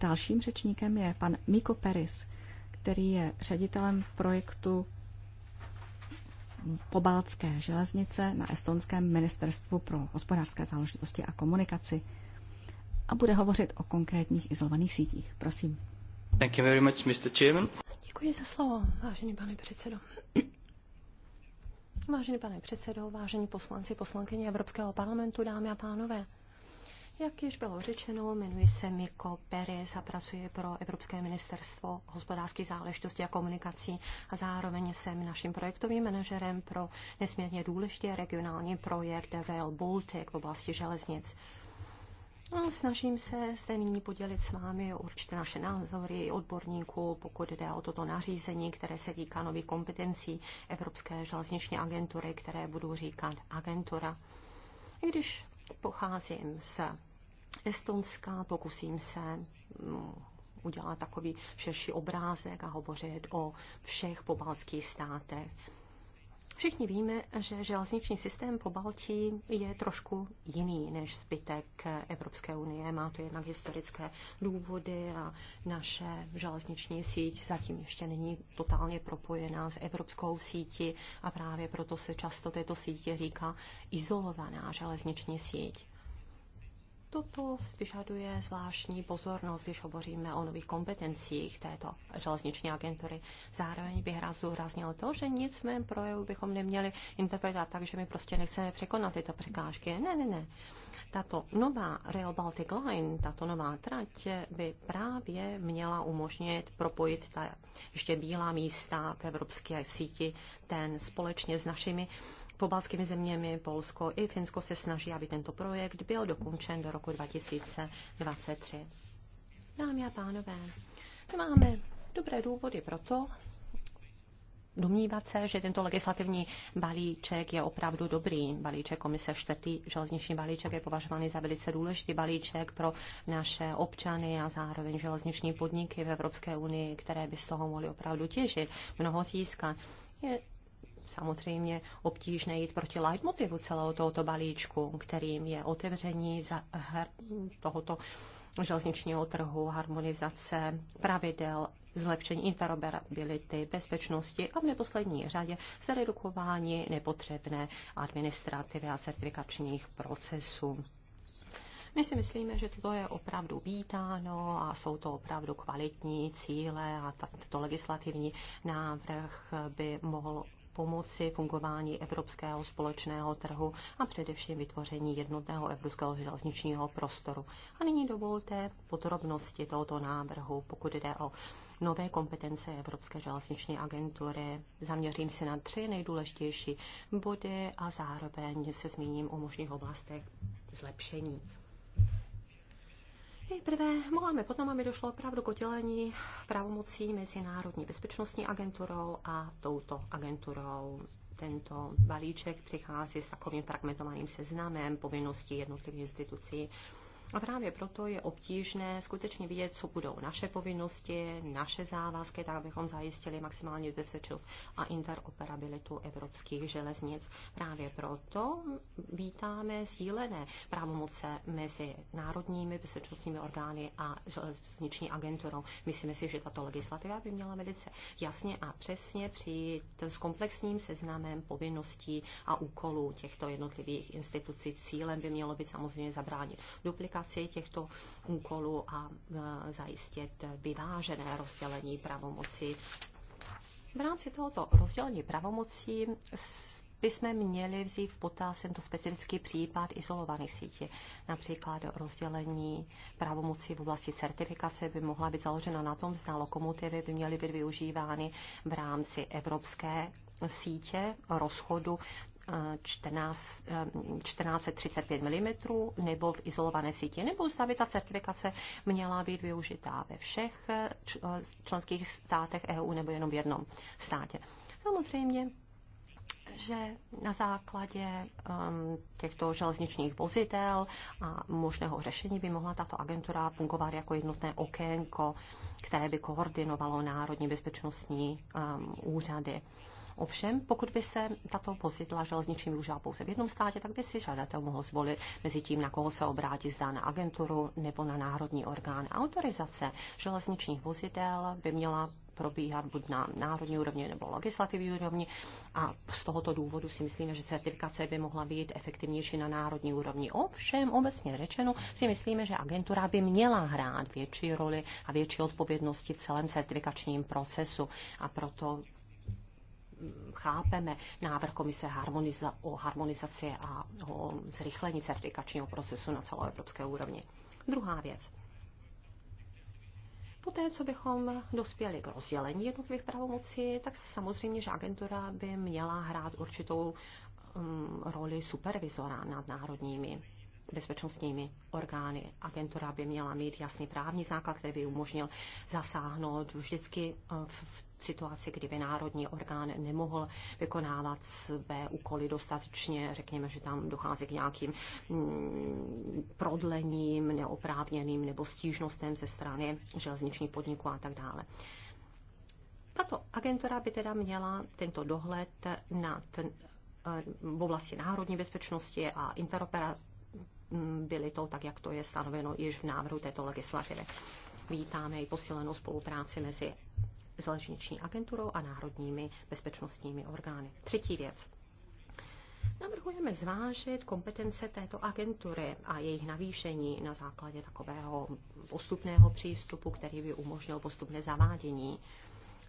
Dalším řečníkem je pan Miko Peris, který je ředitelem projektu pobaltské železnice na estonském ministerstvu pro hospodářské záležitosti a komunikaci a bude hovořit o konkrétních izolovaných sítích. Prosím. Thank you very much, Mr. Chairman. Děkuji za slovo, vážený pane předsedo. Vážený pane předsedo, vážení poslanci, poslankyně Evropského parlamentu, dámy a pánové. Jak již bylo řečeno, jmenuji se Miko Perez a pracuji pro Evropské ministerstvo hospodářských záležitostí a komunikací a zároveň jsem naším projektovým manažerem pro nesmírně důležitý regionální projekt Rail Baltic v oblasti železnic. Snažím se zde nyní podělit s vámi určitě naše názory odborníků, pokud jde o toto nařízení, které se týká nových kompetencí Evropské železniční agentury, které budu říkat agentura. I když pocházím z Estonska. Pokusím se mm, udělat takový širší obrázek a hovořit o všech pobalských státech. Všichni víme, že železniční systém po Baltí je trošku jiný než zbytek Evropské unie. Má to jednak historické důvody a naše železniční síť zatím ještě není totálně propojená s evropskou sítí a právě proto se často této sítě říká izolovaná železniční síť. Toto vyžaduje zvláštní pozornost, když hovoříme o nových kompetencích této železniční agentury. Zároveň bych rád zúraznil to, že nic v mém projevu bychom neměli interpretovat tak, že my prostě nechceme překonat tyto překážky. Ne, ne, ne. Tato nová Rail Baltic Line, tato nová trať by právě měla umožnit propojit ta ještě bílá místa v evropské síti ten společně s našimi pobalskými zeměmi, Polsko i Finsko se snaží, aby tento projekt byl dokončen do roku 2023. Dámy a pánové, máme dobré důvody pro to, domnívat se, že tento legislativní balíček je opravdu dobrý. Balíček komise čtvrtý železniční balíček je považovaný za velice důležitý balíček pro naše občany a zároveň železniční podniky v Evropské unii, které by z toho mohly opravdu těžit, mnoho získat. Je samozřejmě obtížné jít proti leitmotivu celého tohoto balíčku, kterým je otevření za, her, tohoto železničního trhu, harmonizace pravidel, zlepšení interoperability, bezpečnosti a v neposlední řadě zredukování nepotřebné administrativy a certifikačních procesů. My si myslíme, že toto je opravdu vítáno a jsou to opravdu kvalitní cíle a tato legislativní návrh by mohl pomoci fungování evropského společného trhu a především vytvoření jednotného evropského železničního prostoru. A nyní dovolte podrobnosti tohoto návrhu, pokud jde o nové kompetence Evropské železniční agentury. Zaměřím se na tři nejdůležitější body a zároveň se zmíním o možných oblastech zlepšení. Nejprve voláme potom, aby došlo opravdu k oddělení pravomocí mezi Národní bezpečnostní agenturou a touto agenturou. Tento balíček přichází s takovým fragmentovaným seznamem povinností jednotlivých institucí a právě proto je obtížné skutečně vidět, co budou naše povinnosti, naše závazky, tak abychom zajistili maximální bezpečnost a interoperabilitu evropských železnic. Právě proto vítáme sdílené právomoce mezi národními bezpečnostními orgány a železniční agenturou. Myslíme si, že tato legislativa by měla velice jasně a přesně přijít s komplexním seznamem povinností a úkolů těchto jednotlivých institucí. Cílem by mělo být samozřejmě zabránit duplikaci realizaci těchto úkolů a e, zajistit vyvážené rozdělení pravomocí. V rámci tohoto rozdělení pravomocí bychom měli vzít v potaz tento specifický případ izolovaných sítí. Například rozdělení pravomocí v oblasti certifikace by mohla být založena na tom, zda lokomotivy by měly být využívány v rámci evropské sítě rozchodu 14, 1435 mm nebo v izolované síti, nebo zda by ta certifikace měla být využitá ve všech eh, eh, členských státech EU nebo jenom v jednom státě. Samozřejmě že na základě um, těchto železničních vozidel a možného řešení by mohla tato agentura fungovat jako jednotné okénko, které by koordinovalo národní bezpečnostní um, úřady. Ovšem, pokud by se tato vozidla železniční využila pouze v jednom státě, tak by si žadatel mohl zvolit mezi tím, na koho se obrátit, zda na agenturu nebo na národní orgán. Autorizace železničních vozidel by měla probíhat buď na národní úrovni nebo legislativní úrovni. A z tohoto důvodu si myslíme, že certifikace by mohla být efektivnější na národní úrovni. Ovšem, obecně řečeno, si myslíme, že agentura by měla hrát větší roli a větší odpovědnosti v celém certifikačním procesu. A proto chápeme návrh komise harmoniza- o harmonizaci a o zrychlení certifikačního procesu na celoevropské úrovni. Druhá věc. Poté, co bychom dospěli k rozdělení jednotlivých pravomocí, tak samozřejmě, že agentura by měla hrát určitou um, roli supervizora nad národními bezpečnostními orgány. Agentura by měla mít jasný právní základ, který by umožnil zasáhnout vždycky eh, v situaci, kdyby národní orgán nemohl vykonávat své úkoly dostatečně, řekněme, že tam dochází k nějakým mm, prodlením, neoprávněným nebo stížnostem ze strany železničních podniků a tak dále. Tato agentura by teda měla tento dohled nad eh, v oblasti národní bezpečnosti a interopera, to tak jak to je stanoveno již v návrhu této legislativy. Vítáme i posílenou spolupráci mezi železniční agenturou a národními bezpečnostními orgány. Třetí věc. Navrhujeme zvážit kompetence této agentury a jejich navýšení na základě takového postupného přístupu, který by umožnil postupné zavádění.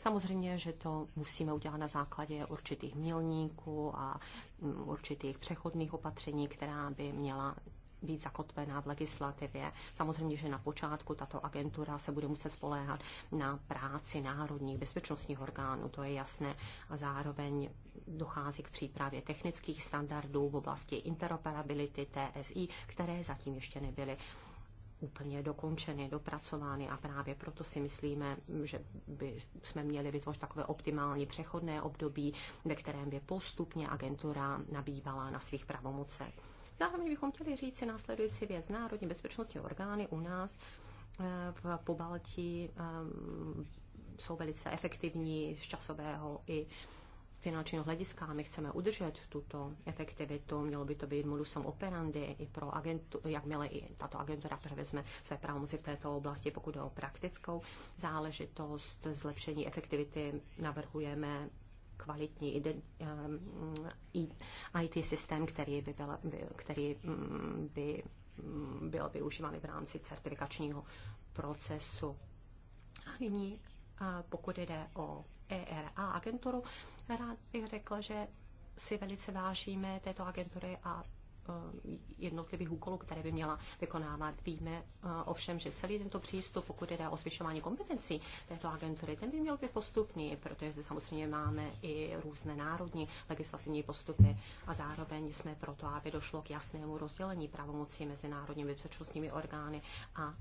Samozřejmě, že to musíme udělat na základě určitých milníků a mm, určitých přechodných opatření, která by měla být zakotvená v legislativě. Samozřejmě, že na počátku tato agentura se bude muset spoléhat na práci národních bezpečnostních orgánů, to je jasné, a zároveň dochází k přípravě technických standardů v oblasti interoperability TSI, které zatím ještě nebyly úplně dokončeny, dopracovány a právě proto si myslíme, že by jsme měli vytvořit takové optimální přechodné období, ve kterém by postupně agentura nabývala na svých pravomocech. Zároveň bychom chtěli říct si následující věc. Národní bezpečnostní orgány u nás eh, v Pobaltí eh, jsou velice efektivní z časového i finančního hlediska my chceme udržet tuto efektivitu. Mělo by to být modusem operandi i pro agentu, jakmile i tato agentura převezme své pravomoci v této oblasti, pokud jde o praktickou záležitost. Zlepšení efektivity navrhujeme kvalitní IT eh, systém, který by, mm, mm, byl, který by byl využívaný v rámci certifikačního procesu. A nyní, pokud jde o ERA agenturu, rád bych řekla, že si velice vážíme této agentury a Eh, jednotlivých úkolů, které by měla vykonávat. Víme eh, ovšem, že celý tento přístup, pokud jde o zvyšování kompetencí této agentury, ten by měl být postupný, protože zde samozřejmě máme i různé národní legislativní postupy a zároveň jsme proto, aby došlo k jasnému rozdělení pravomocí mezi národními bezpečnostními orgány a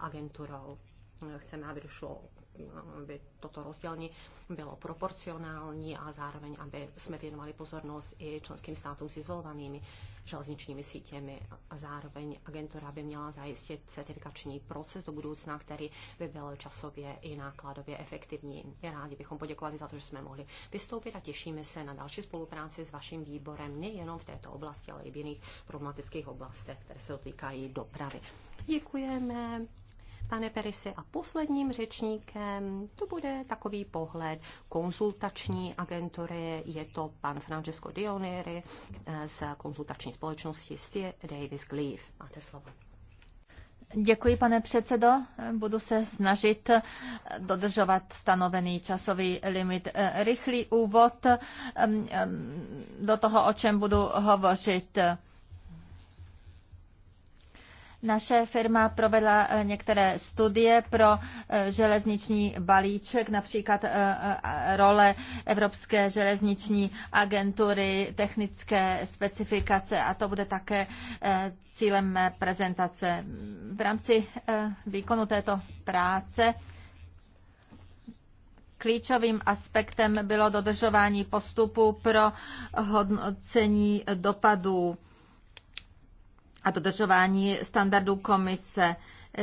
agenturou chceme, aby došlo aby toto rozdělení bylo proporcionální a zároveň, aby jsme věnovali pozornost i členským státům s izolovanými železničními sítěmi a zároveň agentura by měla zajistit certifikační proces do budoucna, který by byl časově i nákladově efektivní. Rádi bychom poděkovali za to, že jsme mohli vystoupit a těšíme se na další spolupráci s vaším výborem nejenom v této oblasti, ale i v jiných problematických oblastech, které se dotýkají dopravy. Děkujeme pane Perisy. A posledním řečníkem to bude takový pohled konzultační agentury. Je to pan Francesco Dionieri eh, z konzultační společnosti Steve Davis Gleave. Máte slovo. Děkuji, pane předsedo. Budu se snažit dodržovat stanovený časový limit. Eh, rychlý úvod eh, mm, do toho, o čem budu hovořit. Naše firma provedla eh, některé studie pro eh, železniční balíček, například eh, role Evropské železniční agentury, technické specifikace a to bude také cílem mé prezentace. V rámci výkonu této práce klíčovým aspektem bylo dodržování postupu pro hodnocení dopadů a dodržování standardů komise.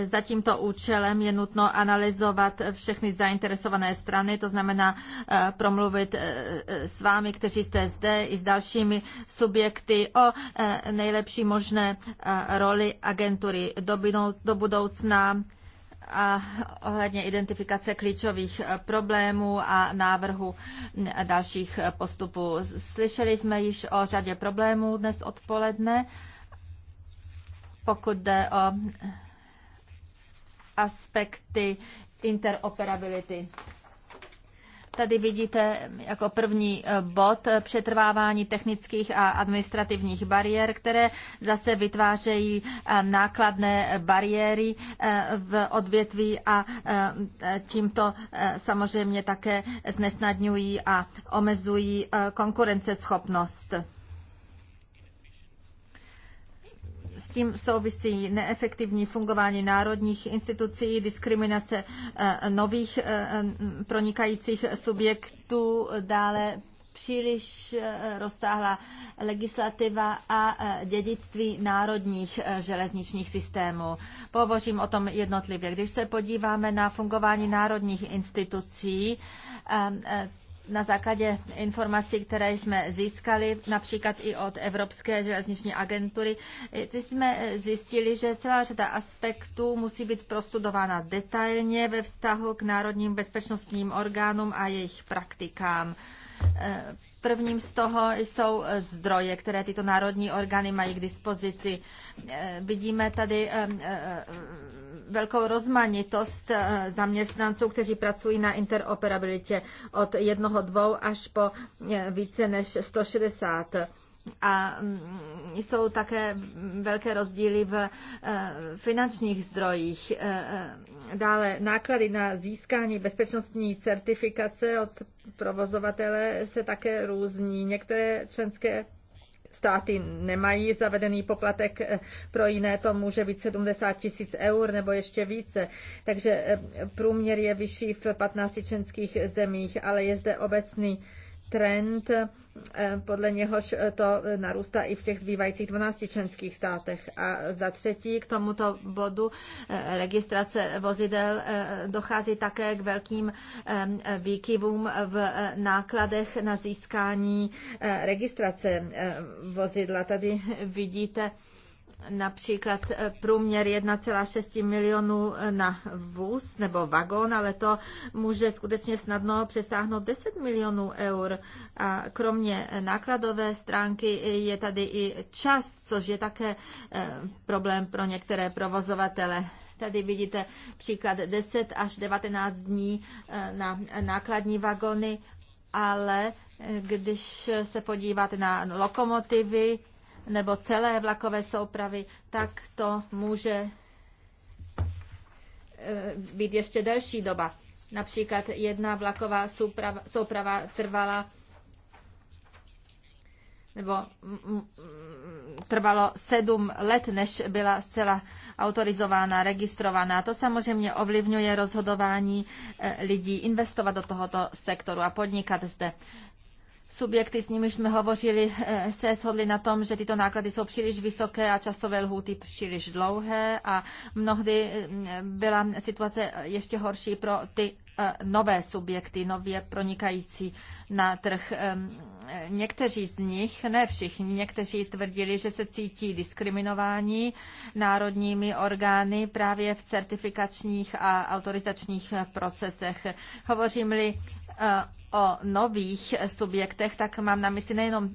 Za tímto účelem je nutno analyzovat všechny zainteresované strany, to znamená eh, promluvit eh, s vámi, kteří jste zde, i s dalšími subjekty o eh, nejlepší možné roli agentury do budoucna a ohledně identifikace klíčových problémů a návrhu dalších postupů. Slyšeli jsme již o řadě problémů dnes odpoledne pokud jde o aspekty interoperability. Tady vidíte jako první eh, bod přetrvávání technických a administrativních bariér, které zase vytvářejí eh, nákladné bariéry eh, v odvětví a tímto samozřejmě také znesnadňují a omezují konkurenceschopnost. tím souvisí neefektivní fungování národních institucí, diskriminace eh, nových eh, mm, pronikajících subjektů, dále příliš eh, rozsáhlá legislativa a dědictví národních železničních systémů. Pohovořím o tom jednotlivě. Když se podíváme na fungování národních institucí, na základě informací, které jsme získali, například i od Evropské železniční agentury, ty jsme zjistili, že celá řada aspektů musí být prostudována detailně ve vztahu k národním bezpečnostním orgánům a jejich praktikám. E, prvním z toho jsou zdroje, které tyto národní orgány mají k dispozici. E, vidíme tady e, velkou rozmanitost eh, zaměstnanců, kteří pracují na interoperabilitě od jednoho, dvou až po eh, více než 160 a mm, jsou také velké rozdíly v eh, finančních zdrojích. Dále náklady na získání bezpečnostní certifikace od provozovatele se také různí. Některé členské státy nemají zavedený poplatek, eh, pro jiné to může být 70 tisíc eur nebo ještě více. Takže eh, průměr je vyšší v 15 členských zemích, ale je zde obecný trend, eh, podle něhož eh, to eh, narůstá i v těch zbývajících 12 členských státech. A za třetí k tomuto bodu registrace vozidel dochází také k velkým výkyvům v nákladech na získání registrace vozidla. Tady vidíte například eh, průměr 1,6 milionů eh, na vůz nebo vagón, ale to může skutečně snadno přesáhnout 10 milionů eur. A kromě eh, nákladové stránky je tady i čas, což je také problém pro některé provozovatele. Tady vidíte příklad 10 až 19 dní na nákladní vagony, ale když se podíváte na lokomotivy, nebo celé vlakové soupravy, tak to může eh, být ještě delší doba. Například jedna vlaková souprava, souprava trvala nebo mm, mm, trvalo sedm let, než byla zcela autorizována, registrovaná. To samozřejmě ovlivňuje rozhodování eh, lidí investovat do tohoto sektoru a podnikat zde subjekty, s nimiž jsme hovořili, eh, se shodli na tom, že tyto náklady jsou příliš vysoké a časové lhůty příliš dlouhé a mnohdy mm, eh, byla situace ještě horší pro ty Eh, nové subjekty, nově pronikající na trh. Eh, někteří z nich, ne všichni, někteří tvrdili, že se cítí diskriminováni národními orgány právě v certifikačních a autorizačních procesech. Hovořím-li eh, o nových subjektech, tak mám na mysli nejenom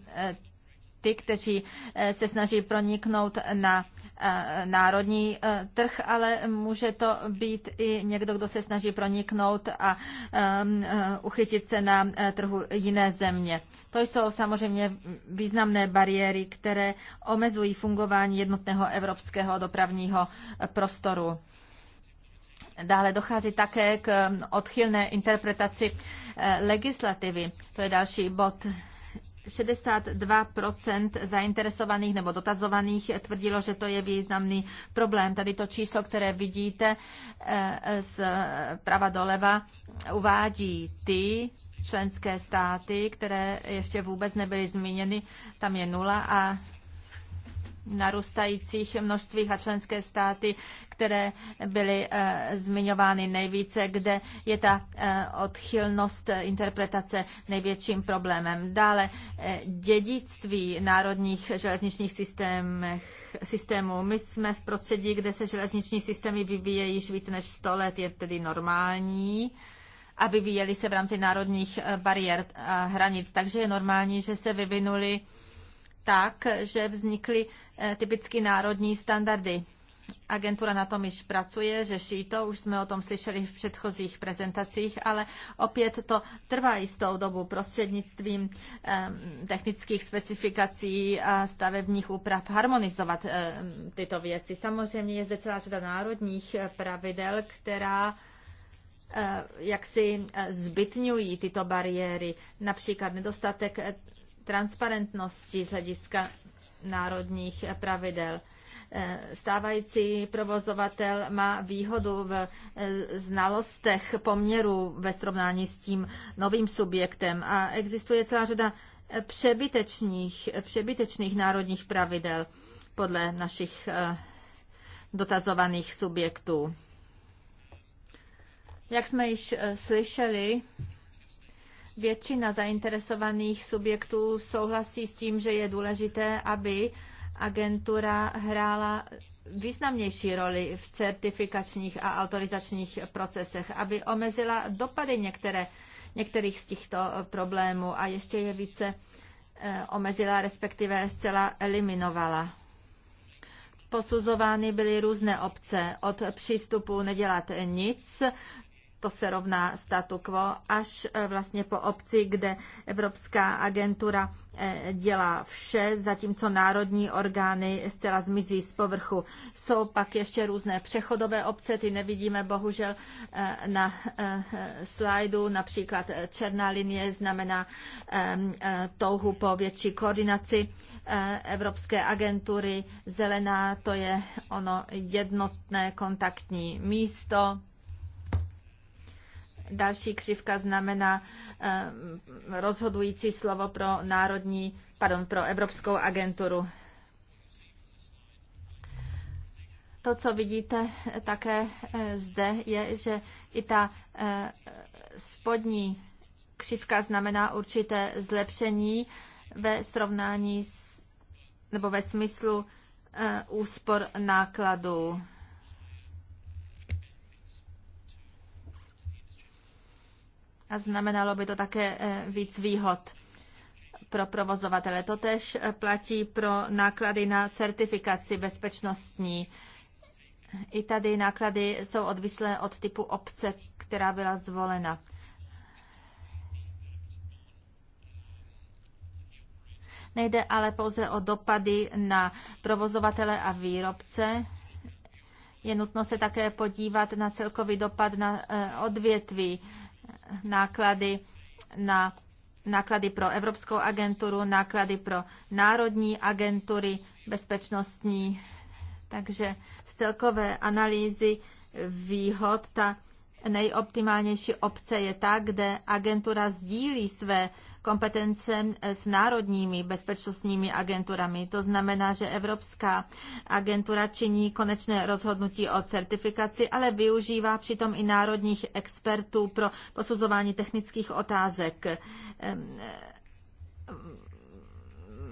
ty, kteří eh, se snaží proniknout na eh, národní eh, trh, ale může to být i někdo, kdo se snaží proniknout a ehm, uchytit se na trhu jiné země. To jsou samozřejmě významné bariéry, které omezují fungování jednotného evropského dopravního prostoru. Dále dochází také k odchylné interpretaci legislativy. To je další bod 62% zainteresovaných nebo dotazovaných tvrdilo, že to je významný problém. Tady to číslo, které vidíte eh, z prava doleva, uvádí ty členské státy, které ještě vůbec nebyly zmíněny, tam je nula a narůstajících množstvích a členské státy, které byly eh, zmiňovány nejvíce, kde je ta eh, odchylnost interpretace největším problémem. Dále eh, dědictví národních železničních systémech, systémů. My jsme v prostředí, kde se železniční systémy vyvíjejí již více než 100 let, je tedy normální a vyvíjeli se v rámci národních bariér a hranic. Takže je normální, že se vyvinuli tak, že vznikly eh, typicky národní standardy. Agentura na tom již pracuje, řeší to, už jsme o tom slyšeli v předchozích prezentacích, ale opět to trvá jistou dobu prostřednictvím ehm, technických specifikací a stavebních úprav harmonizovat ehm, tyto věci. Samozřejmě je zde celá řada národních eh, pravidel, která eh, jak si zbytňují tyto bariéry, například nedostatek transparentnosti z hlediska národních pravidel. Eh, stávající provozovatel má výhodu v eh, znalostech poměru ve srovnání s tím novým subjektem a existuje celá řada přebytečných, přebytečných národních pravidel podle našich eh, dotazovaných subjektů. Jak jsme již slyšeli, Většina zainteresovaných subjektů souhlasí s tím, že je důležité, aby agentura hrála významnější roli v certifikačních a autorizačních procesech, aby omezila dopady některé, některých z těchto problémů a ještě je více eh, omezila, respektive zcela eliminovala. Posuzovány byly různé obce od přístupu nedělat nic to se rovná statu quo, až eh, vlastně po obci, kde Evropská agentura eh, dělá vše, zatímco národní orgány zcela zmizí z povrchu. Jsou pak ještě různé přechodové obce, ty nevidíme bohužel eh, na slajdu, například černá linie znamená touhu po větší koordinaci Evropské agentury, zelená to je ono jednotné kontaktní místo, Další křivka znamená eh, rozhodující slovo pro národní, pardon, pro Evropskou agenturu. To, co vidíte také eh, zde, je, že i ta eh, spodní křivka znamená určité zlepšení ve srovnání s, nebo ve smyslu úspor nákladů. a znamenalo by to také eh, víc výhod pro provozovatele. To tež eh, platí pro náklady na certifikaci bezpečnostní. I tady náklady jsou odvislé od typu obce, která byla zvolena. Nejde ale pouze o dopady na provozovatele a výrobce. Je nutno se také podívat na celkový dopad na eh, odvětví náklady na náklady pro Evropskou agenturu, náklady pro národní agentury bezpečnostní. Takže z celkové analýzy výhod ta nejoptimálnější obce je ta, kde agentura sdílí své kompetence s národními bezpečnostními agenturami. To znamená, že Evropská agentura činí konečné rozhodnutí o certifikaci, ale využívá přitom i národních expertů pro posuzování technických otázek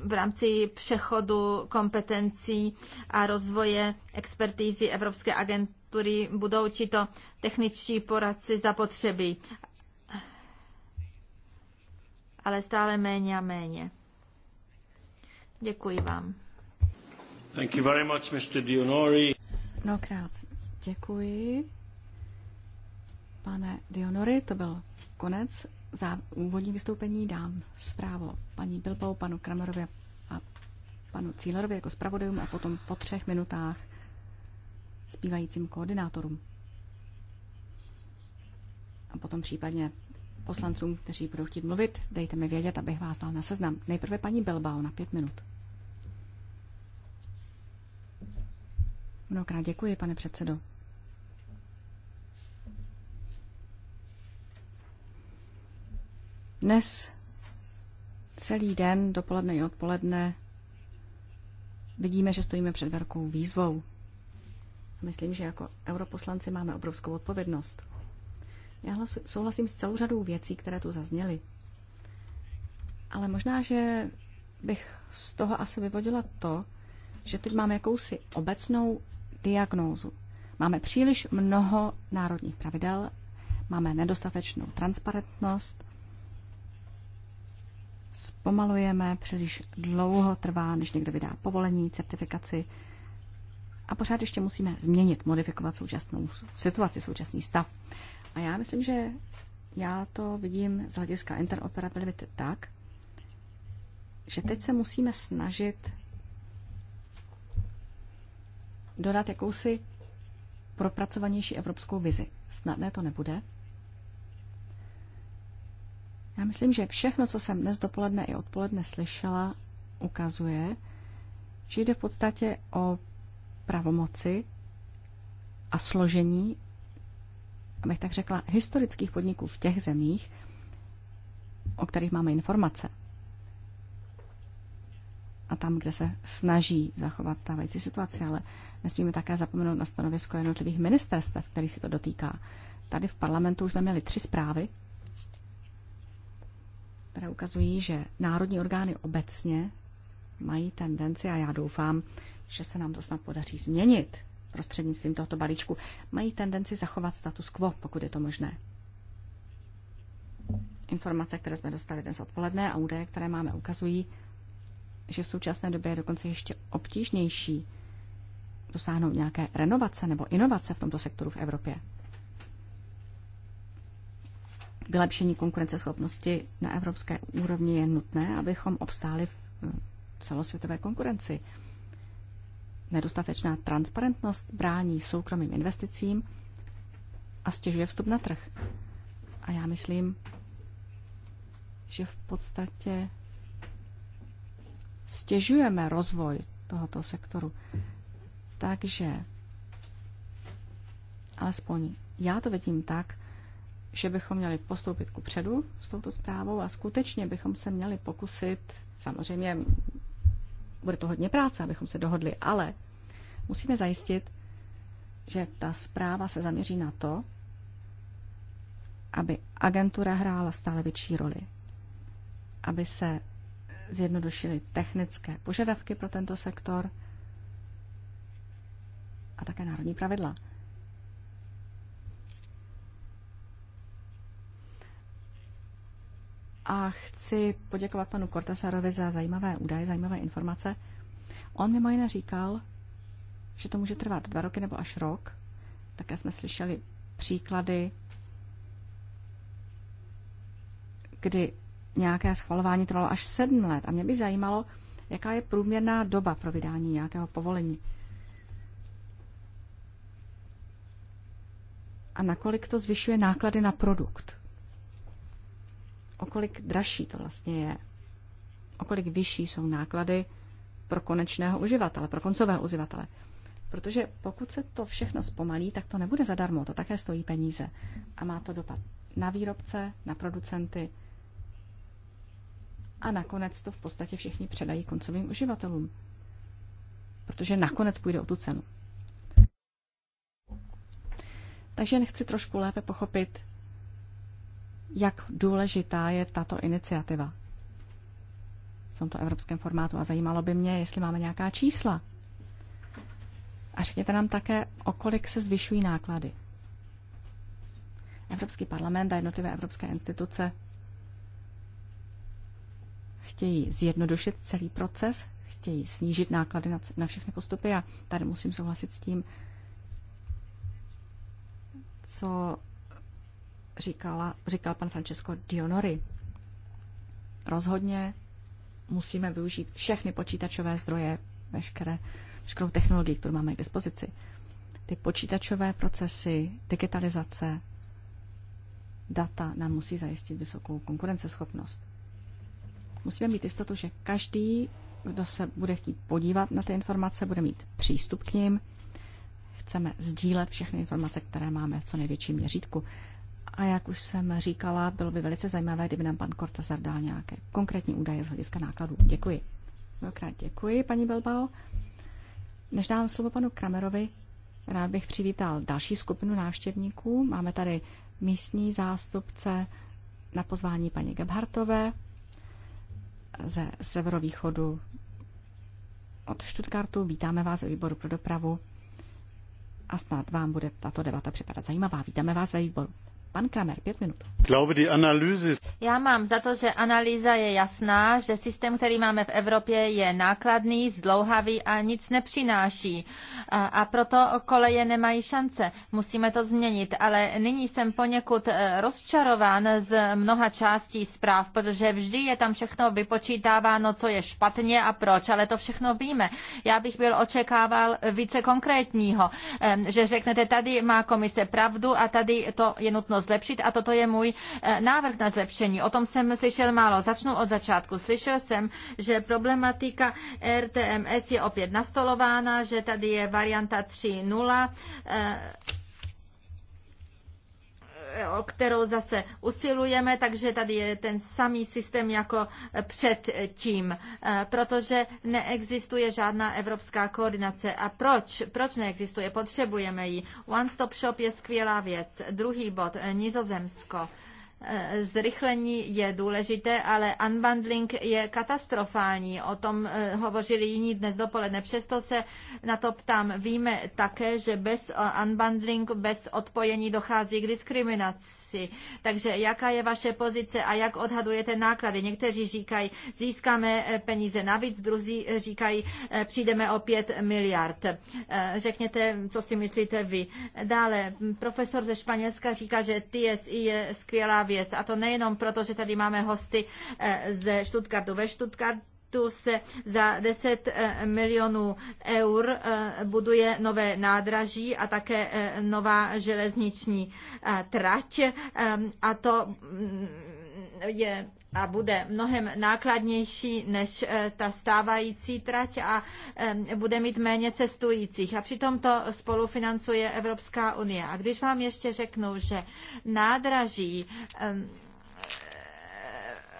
v rámci přechodu kompetencí a rozvoje expertízy Evropské agentury který budou tito techničtí poradci zapotřebí. Ale stále méně a méně. Děkuji vám. Thank you very much, Mr. Dionori. Mnohokrát děkuji. Pane Dionori, to byl konec. Za úvodní vystoupení dám zprávu paní Bilbao, panu Kramerovi a panu Cílerovi jako zpravodajům a potom po třech minutách zpívajícím koordinátorům. A potom případně poslancům, kteří budou chtít mluvit, dejte mi vědět, abych vás dal na seznam. Nejprve paní Belbao na pět minut. Mnohokrát děkuji, pane předsedo. Dnes celý den, dopoledne i odpoledne, vidíme, že stojíme před velkou výzvou. Myslím, že jako europoslanci máme obrovskou odpovědnost. Já souhlasím s celou řadou věcí, které tu zazněly. Ale možná, že bych z toho asi vyvodila to, že teď máme jakousi obecnou diagnózu. Máme příliš mnoho národních pravidel, máme nedostatečnou transparentnost, zpomalujeme, příliš dlouho trvá, než někdo vydá povolení, certifikaci, a pořád ještě musíme změnit, modifikovat současnou situaci, současný stav. A já myslím, že já to vidím z hlediska interoperability tak, že teď se musíme snažit dodat jakousi propracovanější evropskou vizi. Snadné to nebude. Já myslím, že všechno, co jsem dnes dopoledne i odpoledne slyšela, ukazuje, že jde v podstatě o pravomoci a složení, abych tak řekla, historických podniků v těch zemích, o kterých máme informace. A tam, kde se snaží zachovat stávající situaci, ale nesmíme také zapomenout na stanovisko jednotlivých ministerstev, který se to dotýká. Tady v parlamentu už jsme měli tři zprávy, které ukazují, že národní orgány obecně mají tendenci, a já doufám, že se nám to snad podaří změnit prostřednictvím tohoto balíčku, mají tendenci zachovat status quo, pokud je to možné. Informace, které jsme dostali dnes odpoledne a údaje, které máme, ukazují, že v současné době je dokonce ještě obtížnější dosáhnout nějaké renovace nebo inovace v tomto sektoru v Evropě. Vylepšení konkurenceschopnosti na evropské úrovni je nutné, abychom obstáli v celosvětové konkurenci. Nedostatečná transparentnost brání soukromým investicím a stěžuje vstup na trh. A já myslím, že v podstatě stěžujeme rozvoj tohoto sektoru. Takže alespoň já to vidím tak, že bychom měli postoupit ku předu s touto zprávou a skutečně bychom se měli pokusit, samozřejmě bude to hodně práce, abychom se dohodli, ale musíme zajistit, že ta zpráva se zaměří na to, aby agentura hrála stále větší roli, aby se zjednodušily technické požadavky pro tento sektor a také národní pravidla. a chci poděkovat panu Kortesarovi za zajímavé údaje, zajímavé informace. On mimo jiné říkal, že to může trvat dva roky nebo až rok. Také jsme slyšeli příklady, kdy nějaké schvalování trvalo až sedm let. A mě by zajímalo, jaká je průměrná doba pro vydání nějakého povolení. A nakolik to zvyšuje náklady na produkt okolik dražší to vlastně je, okolik vyšší jsou náklady pro konečného uživatele, pro koncového uživatele. Protože pokud se to všechno zpomalí, tak to nebude zadarmo, to také stojí peníze. A má to dopad na výrobce, na producenty a nakonec to v podstatě všichni předají koncovým uživatelům. Protože nakonec půjde o tu cenu. Takže nechci trošku lépe pochopit, jak důležitá je tato iniciativa v tomto evropském formátu. A zajímalo by mě, jestli máme nějaká čísla. A řekněte nám také, o kolik se zvyšují náklady. Evropský parlament a jednotlivé evropské instituce chtějí zjednodušit celý proces, chtějí snížit náklady na, na všechny postupy a tady musím souhlasit s tím, co říkala, říkal pan Francesco Dionori. Rozhodně musíme využít všechny počítačové zdroje, veškeré, veškerou technologii, kterou máme k dispozici. Ty počítačové procesy, digitalizace, data nám musí zajistit vysokou konkurenceschopnost. Musíme mít jistotu, že každý, kdo se bude chtít podívat na ty informace, bude mít přístup k ním. Chceme sdílet všechny informace, které máme v co největším měřítku. A jak už jsem říkala, bylo by velice zajímavé, kdyby nám pan Kortazar dal nějaké konkrétní údaje z hlediska nákladů. Děkuji. Velkrát děkuji, paní Belbao. Než dám slovo panu Kramerovi, rád bych přivítal další skupinu návštěvníků. Máme tady místní zástupce na pozvání paní Gebhartové ze severovýchodu od Stuttgartu. Vítáme vás ve výboru pro dopravu a snad vám bude tato debata připadat zajímavá. Vítáme vás ve výboru. Pan Kramer, pět minut. Já mám za to, že analýza je jasná, že systém, který máme v Evropě, je nákladný, zdlouhavý a nic nepřináší. A, a proto koleje nemají šance. Musíme to změnit. Ale nyní jsem poněkud e, rozčarován z mnoha částí zpráv, protože vždy je tam všechno vypočítáváno, co je špatně a proč. Ale to všechno víme. Já bych byl očekával více konkrétního, že řeknete, tady má komise pravdu a tady to je nutno zlepšit a toto je můj eh, návrh na zlepšení. O tom jsem slyšel málo. Začnu od začátku. Slyšel jsem, že problematika RTMS je opět nastolována, že tady je varianta 3.0 kterou zase usilujeme, takže tady je ten samý systém jako předtím, eh, protože neexistuje žádná evropská koordinace. A proč? Proč neexistuje? Potřebujeme ji. One Stop Shop je skvělá věc. Druhý bod, eh, Nizozemsko. Eh, zrychlení je důležité, ale unbundling je katastrofální. O tom eh, hovořili jiní dnes dopoledne. Přesto se na to ptám. Víme také, že bez eh, unbundling, bez odpojení dochází k diskriminaci práci. Takže jaká je vaše pozice a jak odhadujete náklady? Někteří říkají, získáme eh, peníze navíc, druzí eh, říkají, eh, přijdeme o 5 miliard. Řekněte, co si myslíte vy. Dále, profesor ze Španělska říká, že TSI je skvělá věc a to nejenom proto, že tady máme hosty ze Stuttgartu. Ve Stuttgartu projektu se za 10 eh, milionů eur eh, buduje nové nádraží a také eh, nová železniční trať a to mm, je a bude mnohem nákladnější než ta stávající trať a bude mít méně cestujících. A přitom to spolufinancuje Evropská unie. A když vám ještě řeknu, že nádraží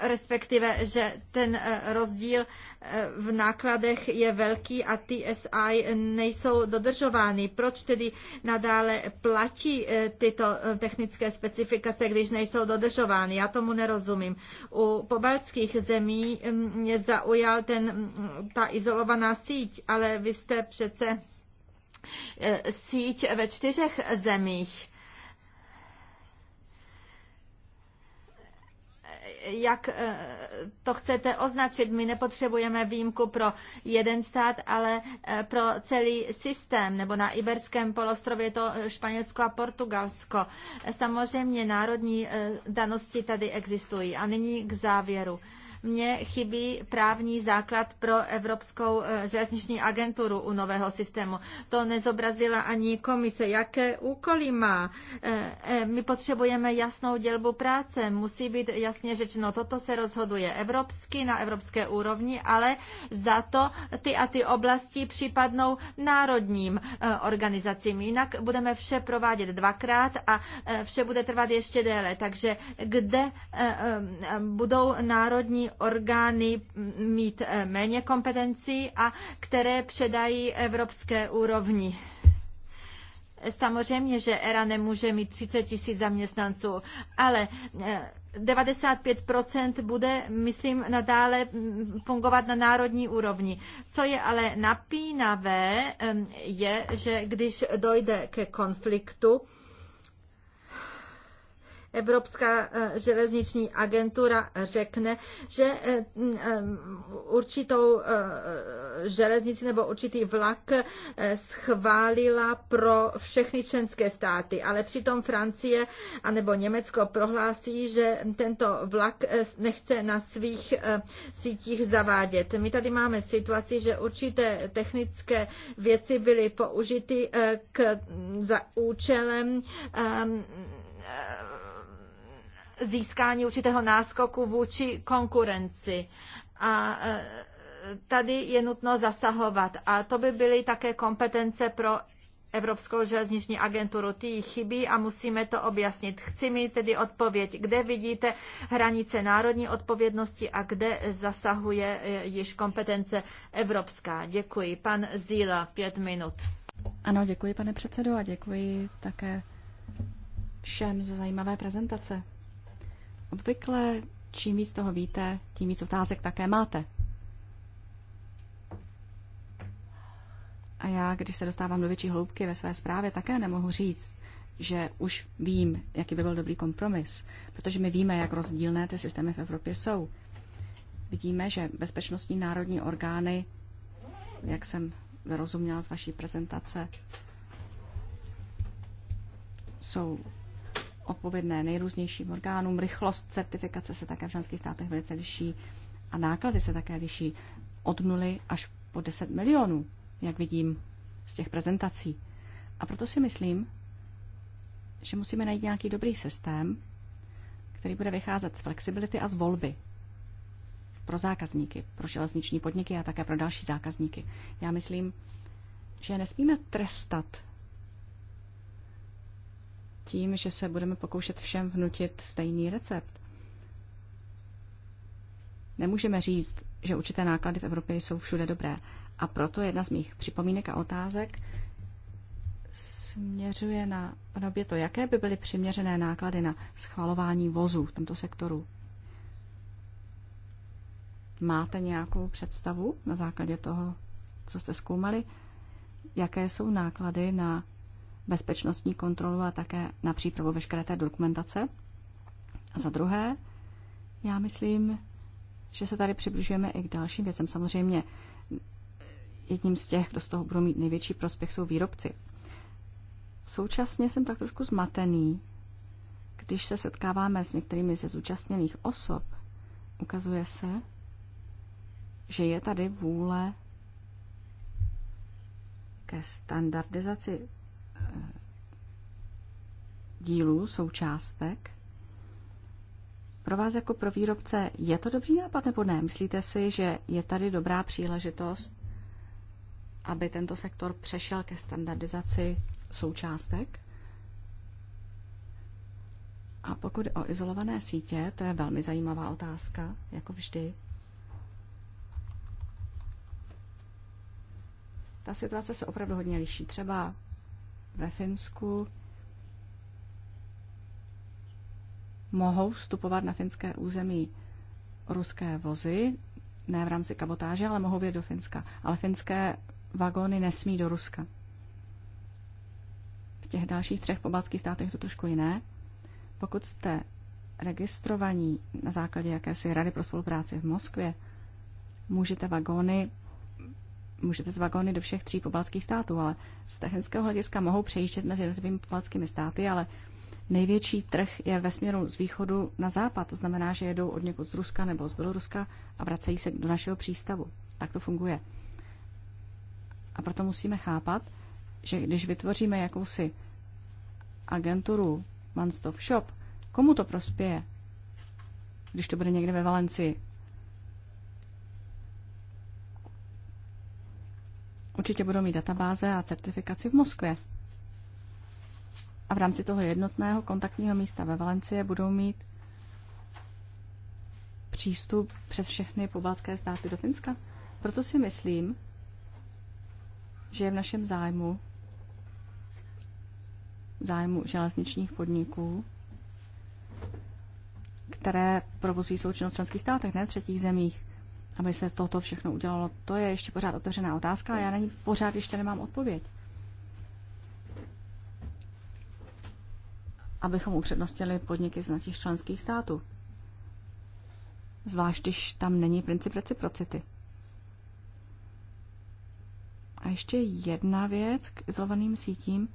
respektive, že ten eh, rozdíl eh, v nákladech je velký a TSI nejsou dodržovány. Proč tedy nadále platí eh, tyto technické specifikace, když nejsou dodržovány? Já tomu nerozumím. U pobaltských zemí mm, mě zaujal ten, mm, ta izolovaná síť, ale vy jste přece síť ve čtyřech zemích jak eh, to chcete označit. My nepotřebujeme výjimku pro jeden stát, ale eh, pro celý systém, nebo na Iberském polostrově to eh, Španělsko a Portugalsko. Samozřejmě národní danosti tady existují. A nyní k závěru mně chybí právní základ pro Evropskou eh, železniční agenturu u nového systému. To nezobrazila ani komise. Jaké úkoly má? Eh, eh, my potřebujeme jasnou dělbu práce. Musí být jasně řečeno, toto se rozhoduje evropsky, na evropské úrovni, ale za to ty a ty oblasti připadnou národním organizacím. Jinak budeme vše provádět dvakrát a vše bude trvat ještě déle. Takže kde budou národní orgány mít eh, méně kompetencí a které předají evropské úrovni. Samozřejmě, že ERA nemůže mít 30 tisíc zaměstnanců, ale 95 eh, bude, myslím, nadále mm, fungovat na národní úrovni. Co je ale napínavé, eh, je, že když dojde ke konfliktu, Evropská eh, železniční agentura řekne, že eh, mm, eh, určitou železnici nebo určitý vlak schválila pro všechny členské státy, ale přitom Francie anebo Německo prohlásí, že tento vlak nechce na svých sítích zavádět. My tady máme situaci, že určité technické věci byly použity k, za účelem um, získání určitého náskoku vůči konkurenci. A e, tady je nutno zasahovat. A to by byly také kompetence pro Evropskou železniční agenturu. Ty chybí a musíme to objasnit. Chci mi tedy odpověď, kde vidíte hranice národní odpovědnosti a kde zasahuje e, již kompetence evropská. Děkuji. Pan Zíla, pět minut. Ano, děkuji, pane předsedo, a děkuji také všem za zajímavé prezentace. Obvykle čím víc toho víte, tím víc otázek také máte. A já, když se dostávám do větší hloubky ve své zprávě, také nemohu říct, že už vím, jaký by byl dobrý kompromis, protože my víme, jak rozdílné ty systémy v Evropě jsou. Vidíme, že bezpečnostní národní orgány, jak jsem vyrozuměla z vaší prezentace, jsou odpovědné nejrůznějším orgánům. Rychlost certifikace se také v členských státech velice liší a náklady se také liší od nuly až po 10 milionů, jak vidím z těch prezentací. A proto si myslím, že musíme najít nějaký dobrý systém, který bude vycházet z flexibility a z volby pro zákazníky, pro železniční podniky a také pro další zákazníky. Já myslím, že nesmíme trestat tím, že se budeme pokoušet všem vnutit stejný recept. Nemůžeme říct, že určité náklady v Evropě jsou všude dobré. A proto jedna z mých připomínek a otázek směřuje na obě to, jaké by byly přiměřené náklady na schvalování vozů v tomto sektoru. Máte nějakou představu na základě toho, co jste zkoumali? Jaké jsou náklady na bezpečnostní kontrolu a také na přípravu veškeré té dokumentace. A za druhé, já myslím, že se tady přibližujeme i k dalším věcem. Samozřejmě jedním z těch, kdo z toho budou mít největší prospěch, jsou výrobci. Současně jsem tak trošku zmatený, když se setkáváme s některými ze zúčastněných osob, ukazuje se, že je tady vůle ke standardizaci dílů, součástek. Pro vás jako pro výrobce je to dobrý nápad nebo ne? Myslíte si, že je tady dobrá příležitost, aby tento sektor přešel ke standardizaci součástek? A pokud o izolované sítě, to je velmi zajímavá otázka, jako vždy. Ta situace se opravdu hodně liší. Třeba ve Finsku mohou vstupovat na finské území ruské vozy, ne v rámci kabotáže, ale mohou vjet do Finska. Ale finské vagóny nesmí do Ruska. V těch dalších třech pobaltských státech to trošku jiné. Pokud jste registrovaní na základě jakési rady pro spolupráci v Moskvě, můžete vagóny můžete z vagóny do všech tří pobaltských států, ale z technického hlediska mohou přejíždět mezi jednotlivými pobaltskými státy, ale Největší trh je ve směru z východu na západ, to znamená, že jedou od někud z Ruska nebo z Běloruska a vracejí se do našeho přístavu. Tak to funguje. A proto musíme chápat, že když vytvoříme jakousi agenturu One Stop Shop, komu to prospěje, když to bude někde ve Valencii? Určitě budou mít databáze a certifikaci v Moskvě a v rámci toho jednotného kontaktního místa ve Valencie budou mít přístup přes všechny pobaltské státy do Finska. Proto si myslím, že je v našem zájmu, zájmu železničních podniků, které provozují svou činnost v členských státech, ne třetích zemích, aby se toto všechno udělalo. To je ještě pořád otevřená otázka a já na ní pořád ještě nemám odpověď. abychom upřednostnili podniky z našich členských států. Zvlášť, když tam není princip reciprocity. A ještě jedna věc k izolovaným sítím.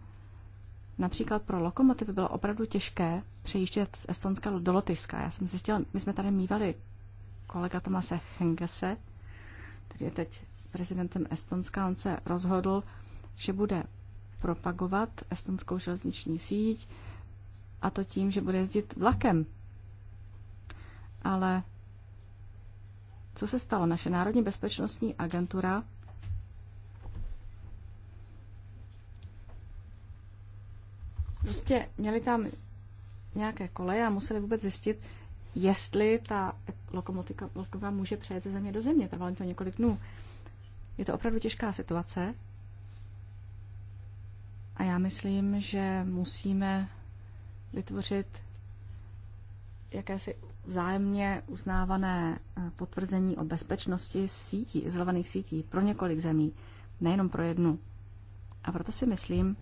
Například pro lokomotivy bylo opravdu těžké přejíždět z Estonska do Lotyšska. Já jsem zjistila, my jsme tady mývali kolega Tomase Hengese, který je teď prezidentem Estonska, on se rozhodl, že bude propagovat estonskou železniční síť, a to tím, že bude jezdit vlakem. Ale co se stalo? Naše Národní bezpečnostní agentura prostě měli tam nějaké koleje a museli vůbec zjistit, jestli ta lokomotiva, může přejet ze země do země. Trvalo to několik dnů. Je to opravdu těžká situace. A já myslím, že musíme vytvořit jakési vzájemně uznávané eh, potvrzení o bezpečnosti sítí, izolovaných sítí pro několik zemí, nejenom pro jednu. A proto si myslím,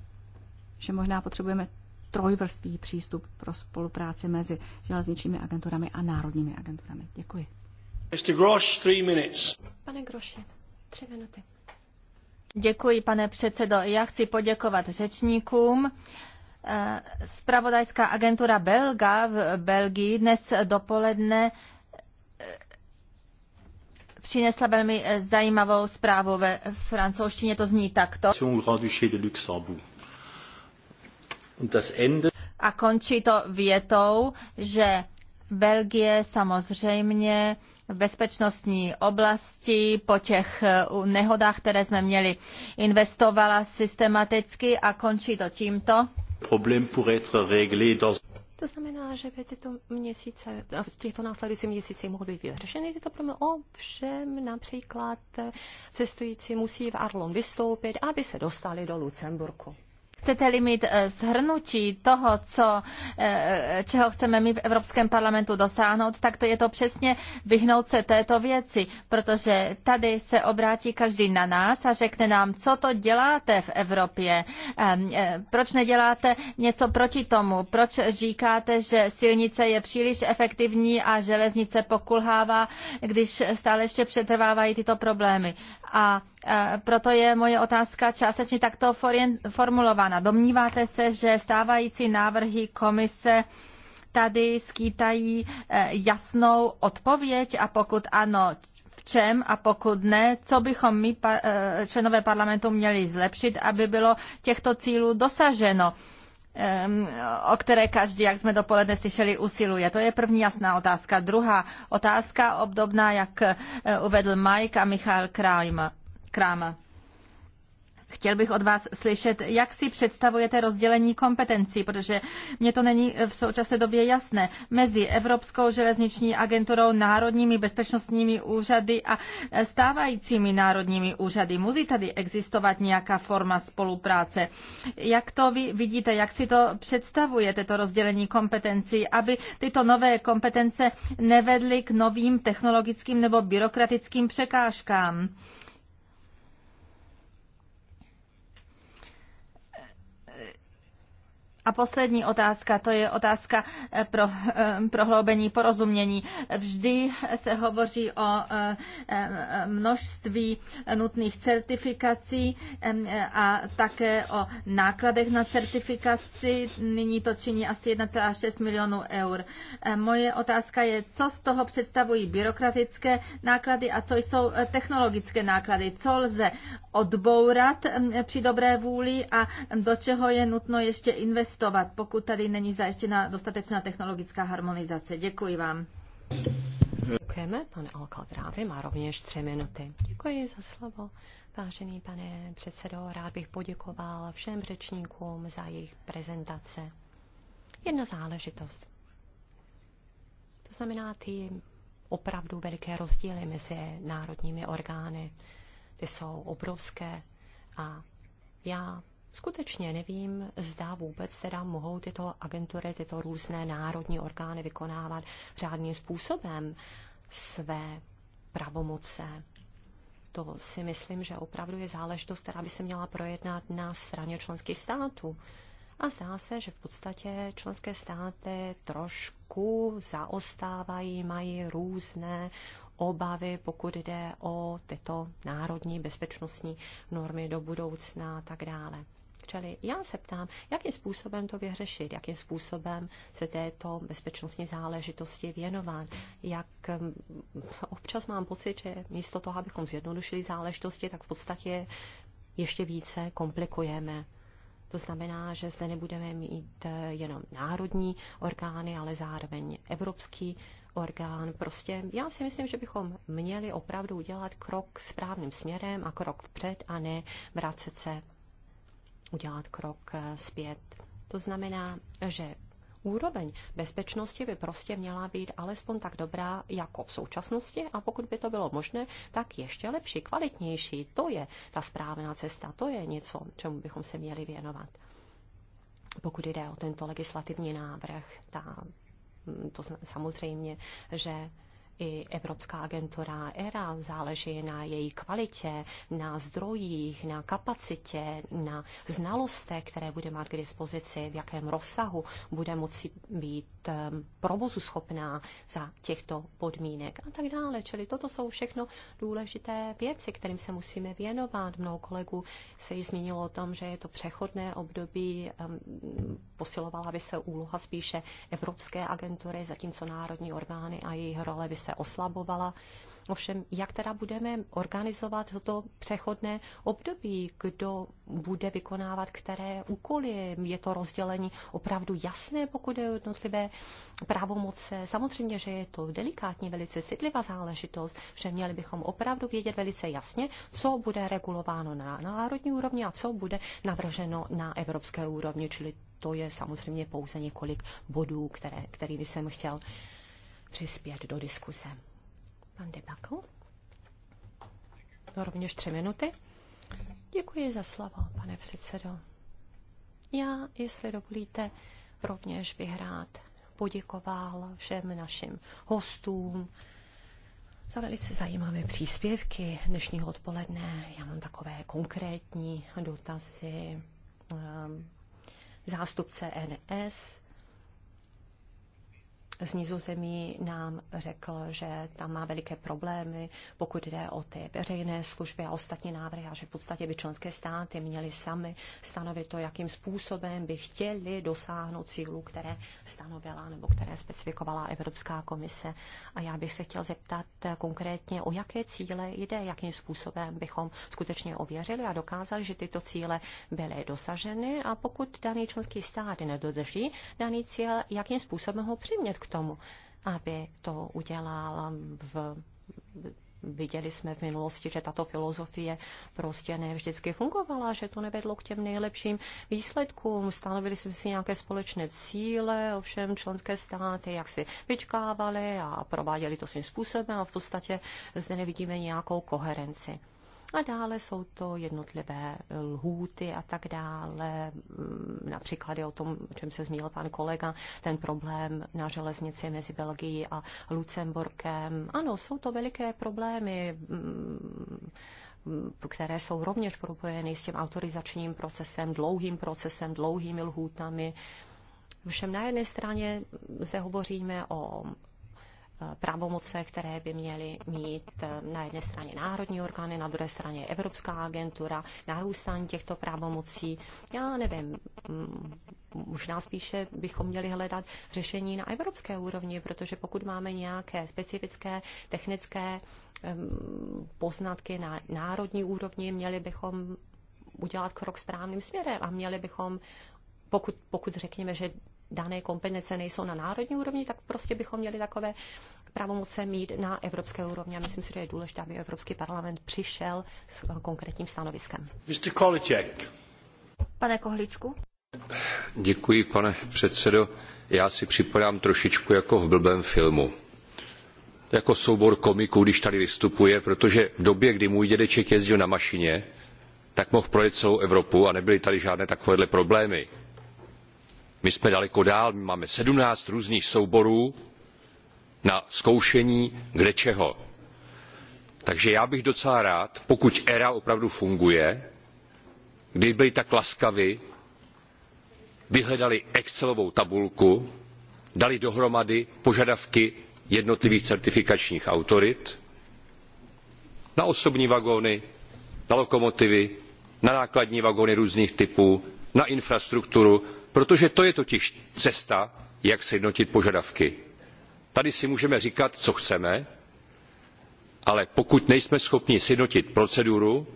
že možná potřebujeme trojvrstvý přístup pro spolupráci mezi železničními agenturami a národními agenturami. Děkuji. Mr. Grosch, three minutes. Pane Groši, tři minuty. Děkuji, pane předsedo. Já chci poděkovat řečníkům Eh, spravodajská agentura Belga v Belgii dnes dopoledne eh, přinesla velmi eh, zajímavou zprávu ve francouzštině, to zní takto. A končí to větou, že Belgie samozřejmě v bezpečnostní oblasti po těch nehodách, které jsme měli, investovala systematicky a končí to tímto problém pourrait être réglé dans... To znamená, že by tyto měsíce, no, v těchto následujících měsících mohly být vyřešeny tyto problémy. Ovšem například cestující musí v Arlon vystoupit, aby se dostali do Lucemburku. Chcete-li mít eh, shrnutí toho, co, eh, čeho chceme my v Evropském parlamentu dosáhnout, tak to je to přesně vyhnout se této věci, protože tady se obrátí každý na nás a řekne nám, co to děláte v Evropě, ehm, eh, proč neděláte něco proti tomu, proč říkáte, že silnice je příliš efektivní a železnice pokulhává, když stále ještě přetrvávají tyto problémy. A e, proto je moje otázka částečně takto formulována. Domníváte se, že stávající návrhy komise tady skýtají e, jasnou odpověď a pokud ano, v čem a pokud ne, co bychom my, e, členové parlamentu, měli zlepšit, aby bylo těchto cílů dosaženo o které každý, jak jsme dopoledne slyšeli, usiluje. To je první jasná otázka. Druhá otázka, obdobná, jak eh, uvedl Mike a Michal Kramer. Chtěl bych od vás slyšet, jak si představujete rozdělení kompetencí, protože mě to není v současné době jasné, mezi Evropskou železniční agenturou, národními bezpečnostními úřady a stávajícími národními úřady. Musí tady existovat nějaká forma spolupráce. Jak to vy vidíte, jak si to představujete, to rozdělení kompetencí, aby tyto nové kompetence nevedly k novým technologickým nebo byrokratickým překážkám? A poslední otázka, to je otázka eh, pro eh, prohloubení porozumění. Vždy se hovoří o eh, množství nutných certifikací a také o nákladech na certifikaci. Nyní to činí asi 1,6 milionů eur. Moje otázka je, co z toho představují byrokratické náklady a co jsou technologické náklady. Co lze odbourat mm, při dobré vůli a do čeho je nutno ještě investovat testovat, pokud tady není zajištěna dostatečná technologická harmonizace. Děkuji vám. Děkujeme. Pane Alcaldrávy má rovněž tři minuty. Děkuji za slovo. Vážený pane předsedo, rád bych poděkoval všem řečníkům za jejich prezentace. Jedna záležitost. To znamená ty opravdu veliké rozdíly mezi národními orgány. Ty jsou obrovské a já skutečně nevím, zda vůbec teda mohou tyto agentury, tyto různé národní orgány vykonávat řádným způsobem své pravomoce. To si myslím, že opravdu je záležitost, která by se měla projednat na straně členských států. A zdá se, že v podstatě členské státy trošku zaostávají, mají různé obavy, pokud jde o tyto národní bezpečnostní normy do budoucna a tak dále. Čili já se ptám, jakým způsobem to vyřešit, jakým způsobem se této bezpečnostní záležitosti věnovat. Jak mm, občas mám pocit, že místo toho, abychom zjednodušili záležitosti, tak v podstatě ještě více komplikujeme. To znamená, že zde nebudeme mít eh, jenom národní orgány, ale zároveň evropský orgán. Prostě já si myslím, že bychom měli opravdu udělat krok správným směrem a krok vpřed a ne vracet se udělat krok eh, zpět. To znamená, že úroveň bezpečnosti by prostě měla být alespoň tak dobrá jako v současnosti a pokud by to bylo možné, tak ještě lepší, kvalitnější. To je ta správná cesta, to je něco, čemu bychom se měli věnovat. Pokud jde o tento legislativní návrh, ta, mm, to samozřejmě, že i Evropská agentura ERA. Záleží na její kvalitě, na zdrojích, na kapacitě, na znalostech, které bude mít k dispozici, v jakém rozsahu bude moci být ehm, provozu schopná za těchto podmínek a tak dále. Čili toto jsou všechno důležité věci, kterým se musíme věnovat. Mnoho kolegů se již zmínilo o tom, že je to přechodné období, ehm, posilovala by se úloha spíše Evropské agentury, zatímco národní orgány a jejich role by se se oslabovala. Ovšem, jak teda budeme organizovat toto přechodné období, kdo bude vykonávat které úkoly, je to rozdělení opravdu jasné, pokud je jednotlivé právomoce. Samozřejmě, že je to delikátní, velice citlivá záležitost, že měli bychom opravdu vědět velice jasně, co bude regulováno na národní úrovni a co bude navrženo na evropské úrovni, čili to je samozřejmě pouze několik bodů, které, kterými jsem chtěl uh, přispět do diskuse. Pan Debakl? No, rovněž tři minuty. Děkuji za slovo, pane předsedo. Já, jestli dovolíte, rovněž bych rád poděkoval všem našim hostům za velice zajímavé příspěvky dnešního odpoledne. Já mám takové konkrétní dotazy. Ehm, zástupce NS z Nizozemí nám řekl, že tam má veliké problémy, pokud jde o ty veřejné služby a ostatní návrhy a že v podstatě by členské státy měly sami stanovit to, jakým způsobem by chtěli dosáhnout cílů, které stanovila nebo které specifikovala Evropská komise. A já bych se chtěl zeptat konkrétně, o jaké cíle jde, jakým způsobem bychom skutečně ověřili a dokázali, že tyto cíle byly dosaženy a pokud daný členský stát nedodrží daný cíl, jakým způsobem ho přimět k tomu, aby to udělal v Viděli jsme v minulosti, že tato filozofie prostě ne vždycky fungovala, že to nevedlo k těm nejlepším výsledkům. Stanovili jsme si nějaké společné cíle, ovšem členské státy jak si vyčkávali a prováděli to svým způsobem a v podstatě zde nevidíme nějakou koherenci. A dále jsou to jednotlivé lhůty a tak dále. Mm, například je o tom, o čem se zmínil pan kolega, ten problém na železnici mezi Belgií a Lucemburkem. Ano, jsou to veliké problémy mm, které jsou rovněž propojeny s tím autorizačním procesem, dlouhým procesem, dlouhými lhůtami. Všem na jedné straně zde hovoříme o Eh, pravomoce, které by měly mít eh, na jedné straně národní orgány, na druhé straně Evropská agentura, narůstání těchto pravomocí. Já nevím, mm, možná spíše bychom měli hledat řešení na evropské úrovni, protože pokud máme nějaké specifické technické poznatky na národní úrovni, měli bychom udělat krok správným směrem a měli bychom pokud, pokud řekněme, že dané kompetence nejsou na národní úrovni, tak prostě bychom měli takové pravomoce mít na evropské úrovni. A myslím si, že je důležité, aby Evropský parlament přišel s konkrétním stanoviskem. Mr. Kolicek. Pane Kohličku. Děkuji, pane předsedo. Já si připadám trošičku jako v blbém filmu jako soubor komiků, když tady vystupuje, protože v době, kdy můj dědeček jezdil na mašině, tak mohl projet celou Evropu a nebyly tady žádné takovéhle problémy. My jsme daleko dál, my máme 17 různých souborů na zkoušení kde čeho. Takže já bych docela rád, pokud ERA opravdu funguje, kdyby byli tak laskavi, vyhledali Excelovou tabulku, dali dohromady požadavky jednotlivých certifikačních autorit na osobní vagóny, na lokomotivy, na nákladní vagóny různých typů, na infrastrukturu, protože to je totiž cesta, jak sjednotit požadavky. Tady si můžeme říkat, co chceme, ale pokud nejsme schopni sjednotit proceduru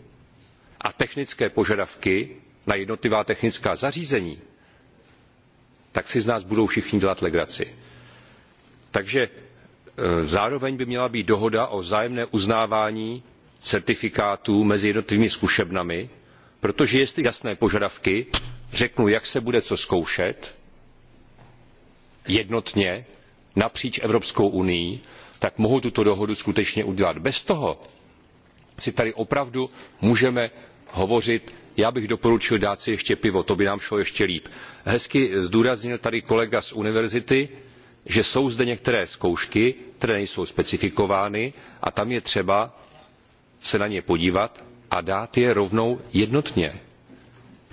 a technické požadavky na jednotlivá technická zařízení, tak si z nás budou všichni dělat legraci. Takže e, zároveň by měla být dohoda o vzájemné uznávání certifikátů mezi jednotlivými zkušebnami, protože jestli jasné požadavky, řeknu, jak se bude co zkoušet, jednotně, napříč Evropskou unii, tak mohu tuto dohodu skutečně udělat. Bez toho si tady opravdu můžeme hovořit, já bych doporučil dát si ještě pivo, to by nám šlo ještě líp. Hezky zdůraznil tady kolega z univerzity, že jsou zde některé zkoušky, které nejsou specifikovány a tam je třeba se na ně podívat a dát je rovnou jednotně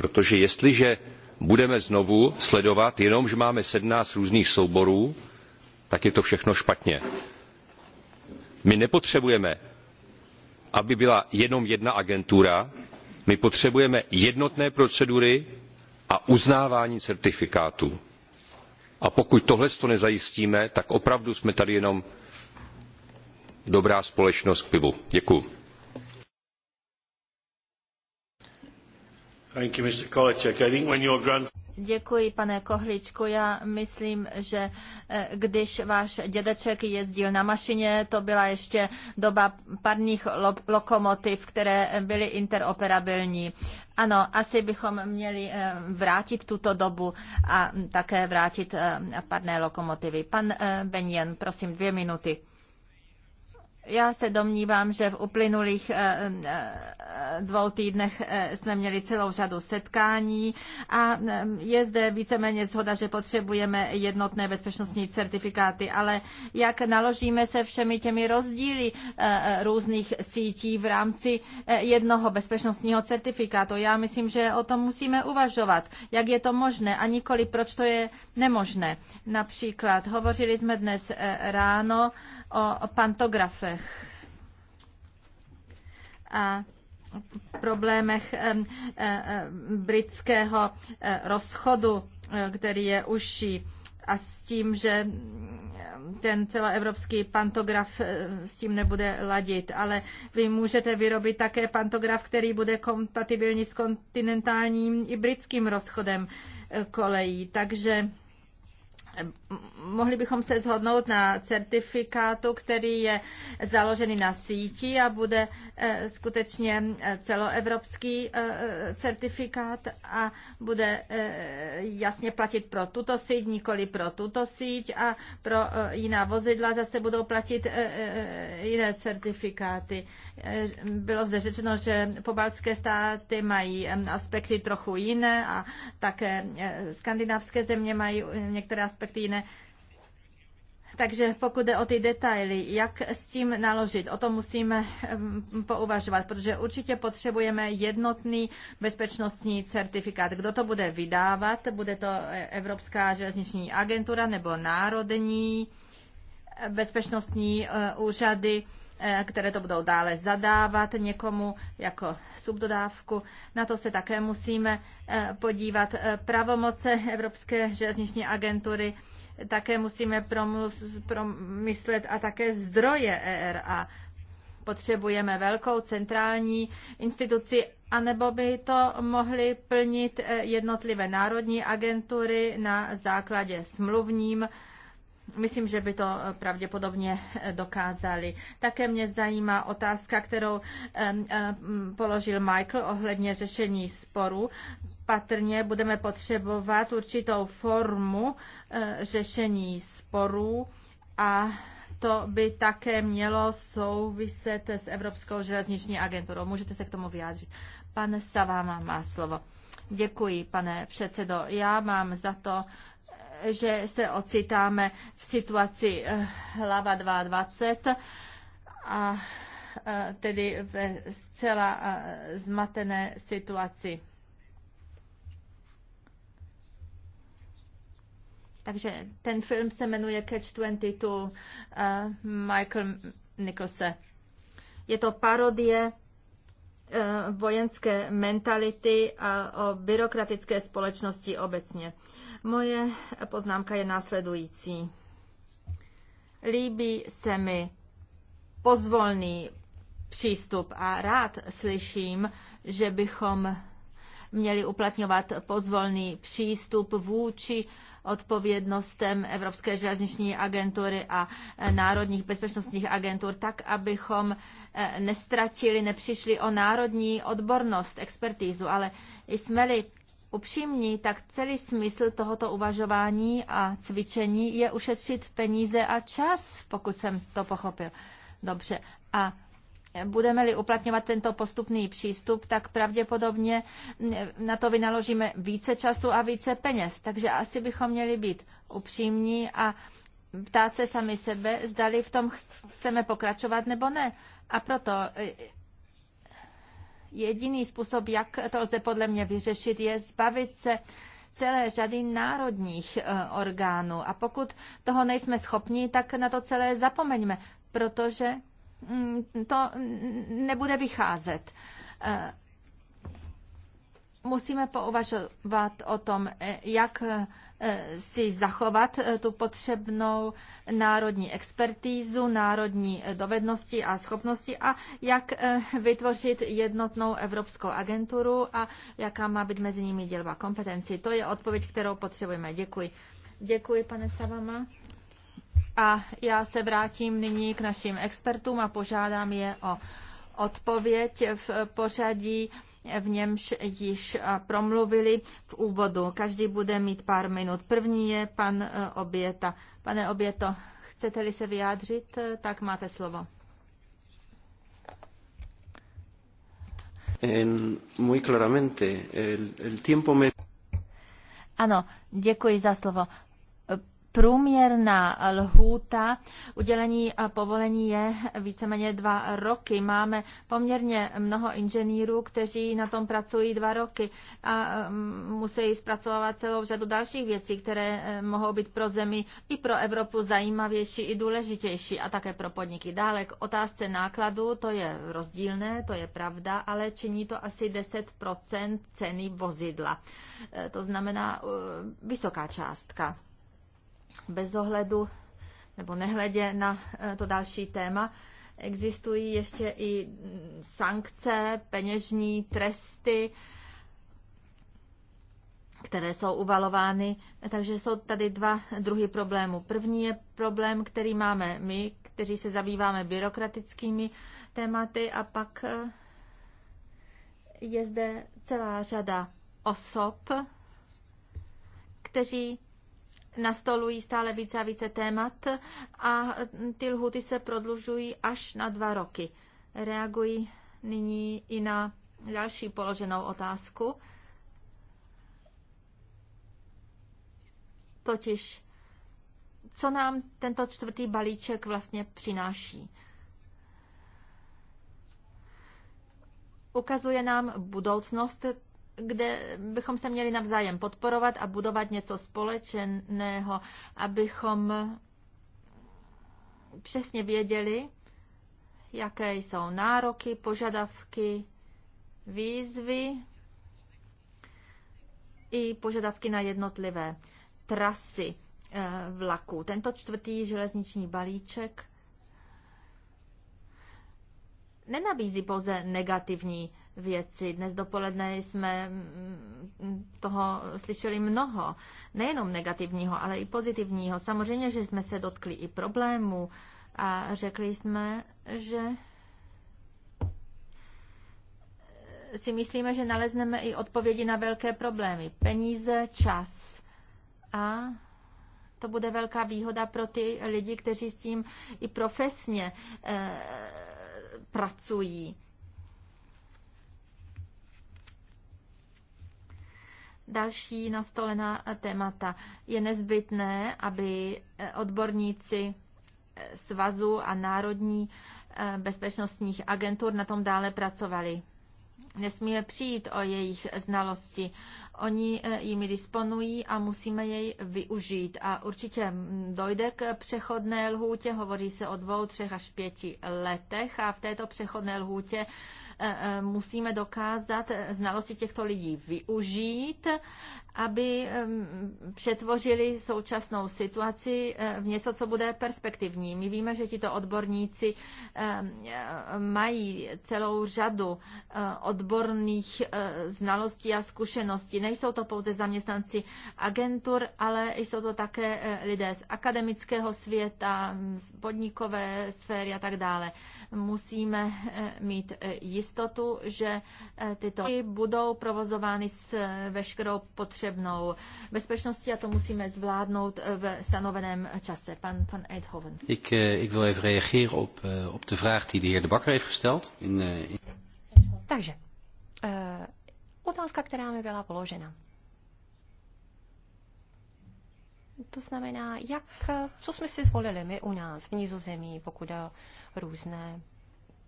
protože jestliže budeme znovu sledovat jenom, že máme 17 různých souborů, tak je to všechno špatně. My nepotřebujeme, aby byla jenom jedna agentura, my potřebujeme jednotné procedury a uznávání certifikátů. A pokud tohle nezajistíme, tak opravdu jsme tady jenom dobrá společnost k pivu. Děkuji. Děkuji, pane Kohličku. Já myslím, že eh, když váš dědeček jezdil na mašině, to byla ještě doba parních lo lokomotiv, které byly interoperabilní. Ano, asi bychom měli eh, vrátit tuto dobu a také vrátit eh, parné lokomotivy. Pan Benjen, prosím, dvě minuty. Já se domnívám, že v uplynulých eh, eh, dvou týdnech eh, jsme měli celou řadu setkání a je zde víceméně zhoda, že potřebujeme jednotné bezpečnostní certifikáty, ale jak naložíme se všemi těmi rozdíly různých sítí v rámci jednoho bezpečnostního certifikátu? Já myslím, že o tom musíme uvažovat, jak je to možné a nikoli proč to je nemožné. Například hovořili jsme dnes ráno o pantografe problémech a problémech eh, eh, eh, britského rozchodu, který je užší a s tím, že mm, ten celoevropský pantograf s tím nebude ladit, ale vy můžete vyrobit také pantograf, který bude kompatibilní s kontinentálním i britským rozchodem kolejí. Takže mohli bychom se shodnout na certifikátu, který je založený na síti a bude e, skutečně e, celoevropský e, certifikát a bude jasně platit pro tuto síť, nikoli pro tuto síť a pro jiná vozidla zase budou platit jiné certifikáty. Bylo zde řečeno, že pobaltské státy mají aspekty trochu jiné a také skandinávské země mají některé aspekty aspekty jiné. Takže pokud jde o ty detaily, jak s tím naložit, o tom musíme pouvažovat, protože určitě potřebujeme jednotný bezpečnostní certifikát. Kdo to bude vydávat? Bude to e, Evropská železniční agentura nebo národní e, bezpečnostní e, úřady? Eh, které to budou dále zadávat někomu jako subdodávku. Na to se také musíme eh, podívat. Eh, pravomoce Evropské železniční agentury také musíme promyslet a také zdroje ERA. Potřebujeme velkou centrální instituci, anebo by to mohly plnit jednotlivé národní agentury na základě smluvním Myslím, že by to eh, pravděpodobně eh, dokázali. Také mě zajímá otázka, kterou eh, položil Michael ohledně řešení sporu. Patrně budeme potřebovat určitou formu řešení sporů a to by také mělo souviset s Evropskou železniční agenturou. Můžete se k tomu vyjádřit. Pan Savama má slovo. Děkuji, pane předsedo. Já mám za to, že se ocitáme v situaci eh, hlava 22 a eh, tedy ve zcela eh, zmatené situaci. Takže ten film se jmenuje Catch 22 uh, Michael Nicholse. Je to parodie vojenské mentality a o byrokratické společnosti obecně. Moje poznámka je následující. Líbí se mi pozvolný přístup a rád slyším, že bychom měli uplatňovat pozvolný přístup vůči odpovědnostem Evropské železniční agentury a e, národních bezpečnostních agentur, tak abychom e, nestratili, nepřišli o národní odbornost, expertízu, ale jsme-li upřímní, tak celý smysl tohoto uvažování a cvičení je ušetřit peníze a čas, pokud jsem to pochopil. Dobře. A budeme-li uplatňovat tento postupný přístup, tak pravděpodobně na to vynaložíme více času a více peněz. Takže asi bychom měli být upřímní a ptát se sami sebe, zdali v tom chceme pokračovat nebo ne. A proto jediný způsob, jak to lze podle mě vyřešit, je zbavit se celé řady národních eh, orgánů. A pokud toho nejsme schopni, tak na to celé zapomeňme, protože mm, to nebude vycházet. Eh, musíme pouvažovat o tom, eh, jak si zachovat eh, tu potřebnou národní expertízu, národní eh, dovednosti a schopnosti a jak eh, vytvořit jednotnou evropskou agenturu a jaká má být mezi nimi dělba kompetenci. To je odpověď, kterou potřebujeme. Děkuji. Děkuji, pane Savama. A já se vrátím nyní k našim expertům a požádám je o odpověď v pořadí v němž již eh, promluvili v úvodu. Každý bude mít pár minut. První je pan eh, Oběta. Pane Oběto, chcete-li se vyjádřit, eh, tak máte slovo. En, muy claramente, el, el tiempo me... Ano, děkuji za slovo průměrná lhůta udělení povolení je víceméně dva roky. Máme poměrně mnoho inženýrů, kteří na tom pracují dva roky a mm, musí zpracovávat celou řadu dalších věcí, které eh, mohou být pro zemi i pro Evropu zajímavější i důležitější a také pro podniky. Dále k otázce nákladu to je rozdílné, to je pravda, ale činí to asi 10% ceny vozidla. Eh, to znamená eh, vysoká částka bez ohledu nebo nehledě na eh, to další téma, existují ještě i sankce, peněžní tresty, které jsou uvalovány. Takže jsou tady dva druhy problémů. První je problém, který máme my, kteří se zabýváme byrokratickými tématy a pak eh, je zde celá řada osob, kteří nastolují stále více a více témat a ty lhuty se prodlužují až na dva roky. Reagují nyní i na další položenou otázku, totiž co nám tento čtvrtý balíček vlastně přináší. Ukazuje nám budoucnost, kde bychom se měli navzájem podporovat a budovat něco společného, abychom přesně věděli, jaké jsou nároky, požadavky, výzvy i požadavky na jednotlivé trasy eh, vlaku. Tento čtvrtý železniční balíček nenabízí pouze negativní věci. Dnes dopoledne jsme mm, toho slyšeli mnoho, nejenom negativního, ale i pozitivního. Samozřejmě, že jsme se dotkli i problémů a řekli jsme, že si myslíme, že nalezneme i odpovědi na velké problémy. Peníze, čas. A to bude velká výhoda pro ty lidi, kteří s tím i profesně eh, pracují. další nastolená témata. Je nezbytné, aby eh, odborníci eh, svazu a národní eh, bezpečnostních agentur na tom dále pracovali. Nesmíme přijít o jejich znalosti. Oni jimi disponují a musíme jej využít. A určitě dojde k přechodné lhůtě, hovoří se o dvou, třech až pěti letech a v této přechodné lhůtě E, e, musíme dokázat znalosti těchto lidí využít, aby přetvořili současnou situaci e, v něco, co bude perspektivní. My víme, že tito odborníci mají celou řadu odborných znalostí a zkušeností. Nejsou to pouze zaměstnanci agentur, ale jsou to také lidé z akademického světa, z podnikové sféry a tak dále. Musíme mít jistotu, jistotu, že eh, tyto budou provozovány s eh, veškerou potřebnou bezpečností a to musíme zvládnout eh, v stanoveném čase. Pan, pan Eidhoven. Ik, ik wil even reageren op, op de vraag die de heer De Bakker heeft gesteld. In, in... Takže, uh, otázka, která mi byla položena. To znamená, jak, co jsme si zvolili my u nás v Nizozemí, pokud o různé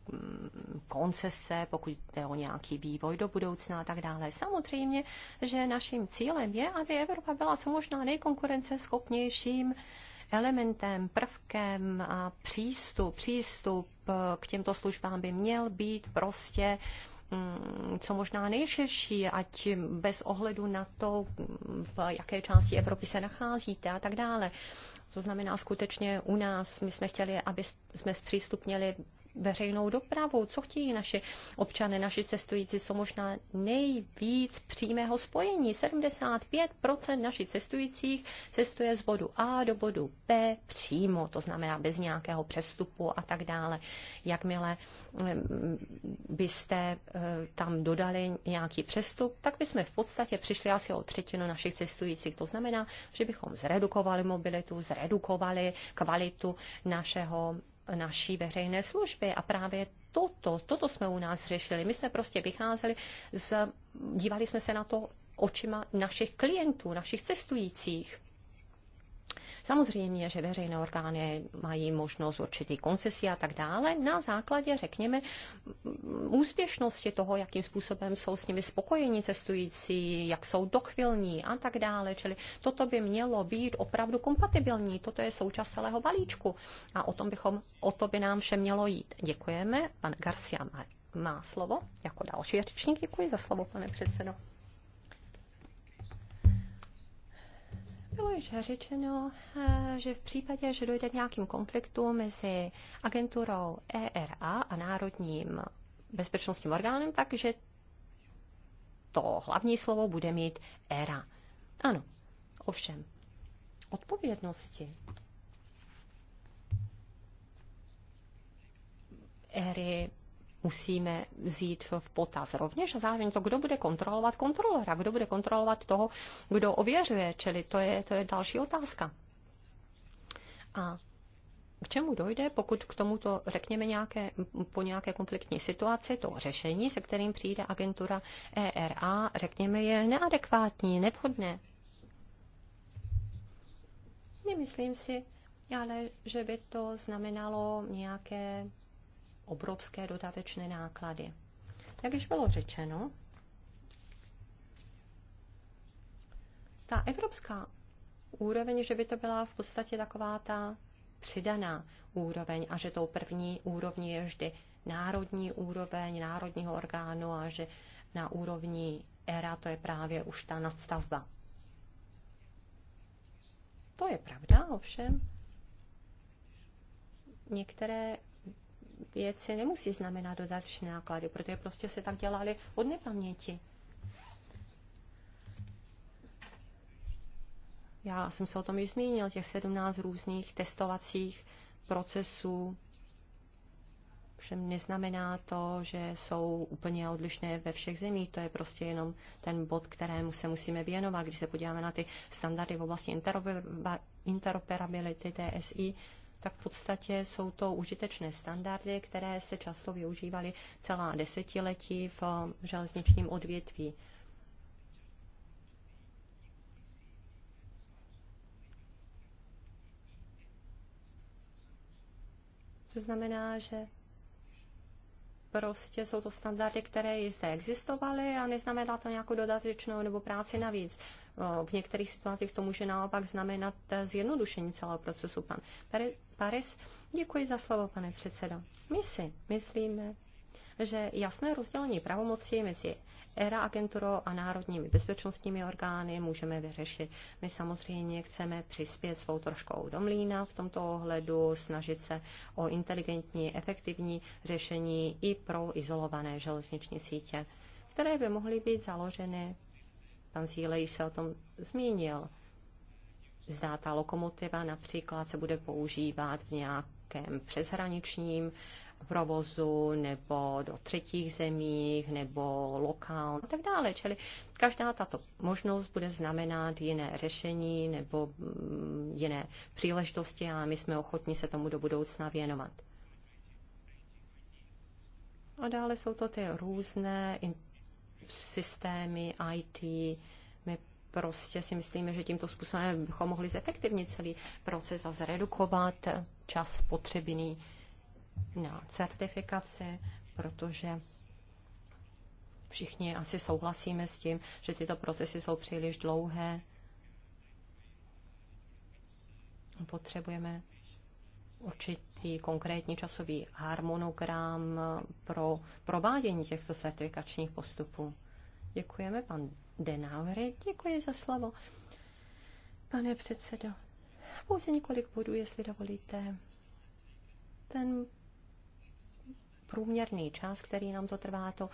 Mm, koncese, pokud jde o nějaký vývoj do budoucna a tak dále. Samozřejmě, že naším cílem je, aby Evropa byla co možná nejkonkurenceschopnějším elementem, prvkem a přístup, přístup eh, k těmto službám by měl být prostě mm, co možná nejširší, ať bez ohledu na to, mm, v jaké části Evropy se nacházíte a tak dále. To znamená skutečně u nás, my jsme chtěli, aby jsme zpřístupnili veřejnou dopravu, co chtějí naši občané, naši cestující, jsou možná nejvíc přímého spojení. 75% našich cestujících cestuje z bodu A do bodu B přímo, to znamená bez nějakého přestupu a tak dále. Jakmile mm, byste eh, tam dodali nějaký přestup, tak bychom v podstatě přišli asi o třetinu našich cestujících. To znamená, že bychom zredukovali mobilitu, zredukovali kvalitu našeho naší veřejné služby. A právě toto, toto jsme u nás řešili. My jsme prostě vycházeli, z, dívali jsme se na to očima našich klientů, našich cestujících. Samozřejmě, že veřejné orgány mají možnost určitý koncesí a tak dále na základě, řekněme, úspěšnosti toho, jakým způsobem jsou s nimi spokojeni cestující, jak jsou dochvilní a tak dále. Čili toto by mělo být opravdu kompatibilní. Toto je součást celého balíčku a o, tom bychom, o to by nám vše mělo jít. Děkujeme. Pan Garcia má, má slovo jako další řečník. Děkuji za slovo, pane předsedo. Bylo již řečeno, eh, že v případě, že dojde k nějakým konfliktům mezi agenturou ERA a Národním bezpečnostním orgánem, takže to hlavní slovo bude mít ERA. Ano, ovšem, odpovědnosti ERA musíme vzít v potaz rovněž a zároveň to, kdo bude kontrolovat kontrolora, kdo bude kontrolovat toho, kdo ověřuje, čili to je, to je další otázka. A k čemu dojde, pokud k tomuto, řekněme, nějaké, po nějaké konfliktní situaci, to řešení, se kterým přijde agentura ERA, řekněme, je neadekvátní, nevhodné. Nemyslím si, ale že by to znamenalo nějaké obrovské dodatečné náklady. Jak již bylo řečeno, ta evropská úroveň, že by to byla v podstatě taková ta přidaná úroveň a že tou první úrovní je vždy národní úroveň národního orgánu a že na úrovni ERA to je právě už ta nadstavba. To je pravda, ovšem některé věci nemusí znamenat dodatečné náklady, protože prostě se tak dělali od nepaměti. Já jsem se o tom již zmínil, těch 17 různých testovacích procesů. Všem neznamená to, že jsou úplně odlišné ve všech zemích, to je prostě jenom ten bod, kterému se musíme věnovat. Když se podíváme na ty standardy v oblasti interoperability TSI, tak v podstatě jsou to užitečné standardy, které se často využívaly celá desetiletí v um, železničním odvětví. To znamená, že prostě jsou to standardy, které již zde existovaly a neznamená to nějakou dodatečnou nebo práci navíc. V některých situacích to může naopak znamenat eh, zjednodušení celého procesu. Pan Paris, děkuji za slovo, pane předsedo. My si myslíme, že jasné rozdělení pravomocí mezi ERA agenturou a národními bezpečnostními orgány můžeme vyřešit. My samozřejmě chceme přispět svou troškou do mlína v tomto ohledu, snažit se o inteligentní, efektivní řešení i pro izolované železniční sítě, které by mohly být založeny Pan Zíle již se o tom zmínil. Zdá ta lokomotiva například se bude používat v nějakém přeshraničním provozu nebo do třetích zemích nebo lokál a tak dále. Čili každá tato možnost bude znamenat jiné řešení nebo mm, jiné příležitosti a my jsme ochotni se tomu do budoucna věnovat. A dále jsou to ty různé systémy, IT. My prostě si myslíme, že tímto způsobem bychom mohli zefektivnit celý proces a zredukovat čas potřebný na certifikaci, protože všichni asi souhlasíme s tím, že tyto procesy jsou příliš dlouhé. Potřebujeme určitý konkrétní časový harmonogram pro provádění těchto certifikačních postupů. Děkujeme, pan Denaury. Děkuji za slovo. Pane předsedo, pouze několik bodů, jestli dovolíte. Ten průměrný čas, který nám to trvá, to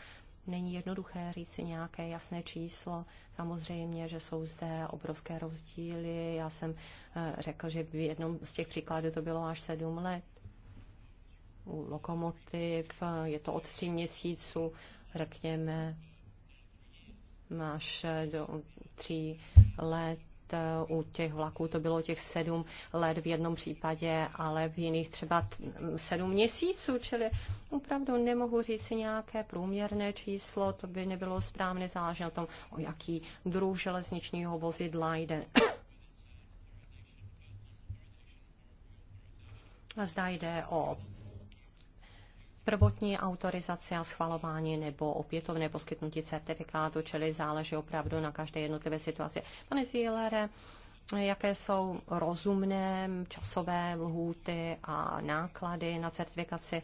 není jednoduché říct si nějaké jasné číslo. Samozřejmě, že jsou zde obrovské rozdíly. Já jsem eh, řekl, že v jednom z těch příkladů to bylo až sedm let. U lokomotiv eh, je to od tří měsíců, řekněme, máš do tří let Eh, u těch vlaků to bylo těch sedm let v jednom případě, ale v jiných třeba mm, sedm měsíců, čili opravdu nemohu říct si nějaké průměrné číslo, to by nebylo správné, záleží na tom, o jaký druh železničního vozidla jde. *coughs* A zda jde o prvotní autorizaci a schvalování nebo opětovné poskytnutí certifikátu, čili záleží opravdu na každé jednotlivé situaci. Pane Zílere, jaké jsou rozumné časové lhůty a náklady na certifikaci.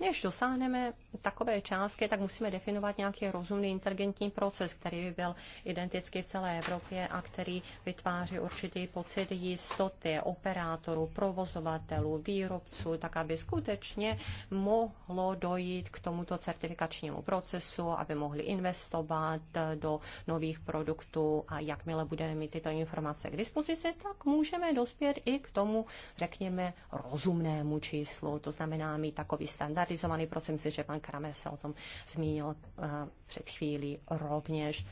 Než dosáhneme takové částky, tak musíme definovat nějaký rozumný inteligentní proces, který by byl identický v celé Evropě a který vytváří určitý pocit jistoty operátorů, provozovatelů, výrobců, tak aby skutečně mohlo dojít k tomuto certifikačnímu procesu, aby mohli investovat do nových produktů a jakmile budeme mít tyto informace k dispozici, tak můžeme dospět i k tomu, řekněme, rozumnému číslu. To znamená mít takový standardizovaný proces, že pan Krame se o tom zmínil eh, před chvílí rovněž.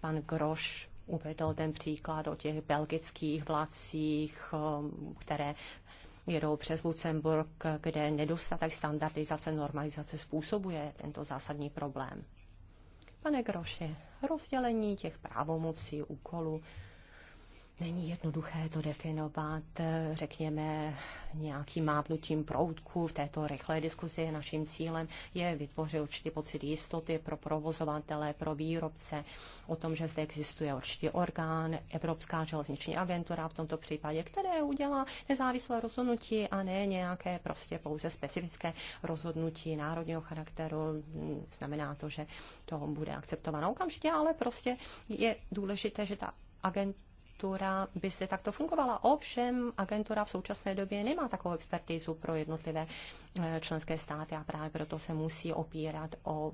Pan Groš uvedl ten příklad o těch belgických vlacích, eh, které jedou přes Lucemburg, kde nedostatek standardizace, normalizace způsobuje tento zásadní problém. Pane Groše, rozdělení těch právomocí, úkolů, Není jednoduché to definovat, řekněme, nějakým mávnutím proutku v této rychlé diskuzi. Naším cílem je vytvořit určitý pocit jistoty pro provozovatele, pro výrobce, o tom, že zde existuje určitý orgán, Evropská železniční agentura v tomto případě, které udělá nezávislé rozhodnutí a ne nějaké prostě pouze specifické rozhodnutí národního charakteru. Znamená to, že to bude akceptováno okamžitě, ale prostě je důležité, že ta agent agentura by zde takto fungovala. Ovšem, agentura v současné době nemá takovou expertizu pro jednotlivé eh, členské státy a právě proto se musí opírat o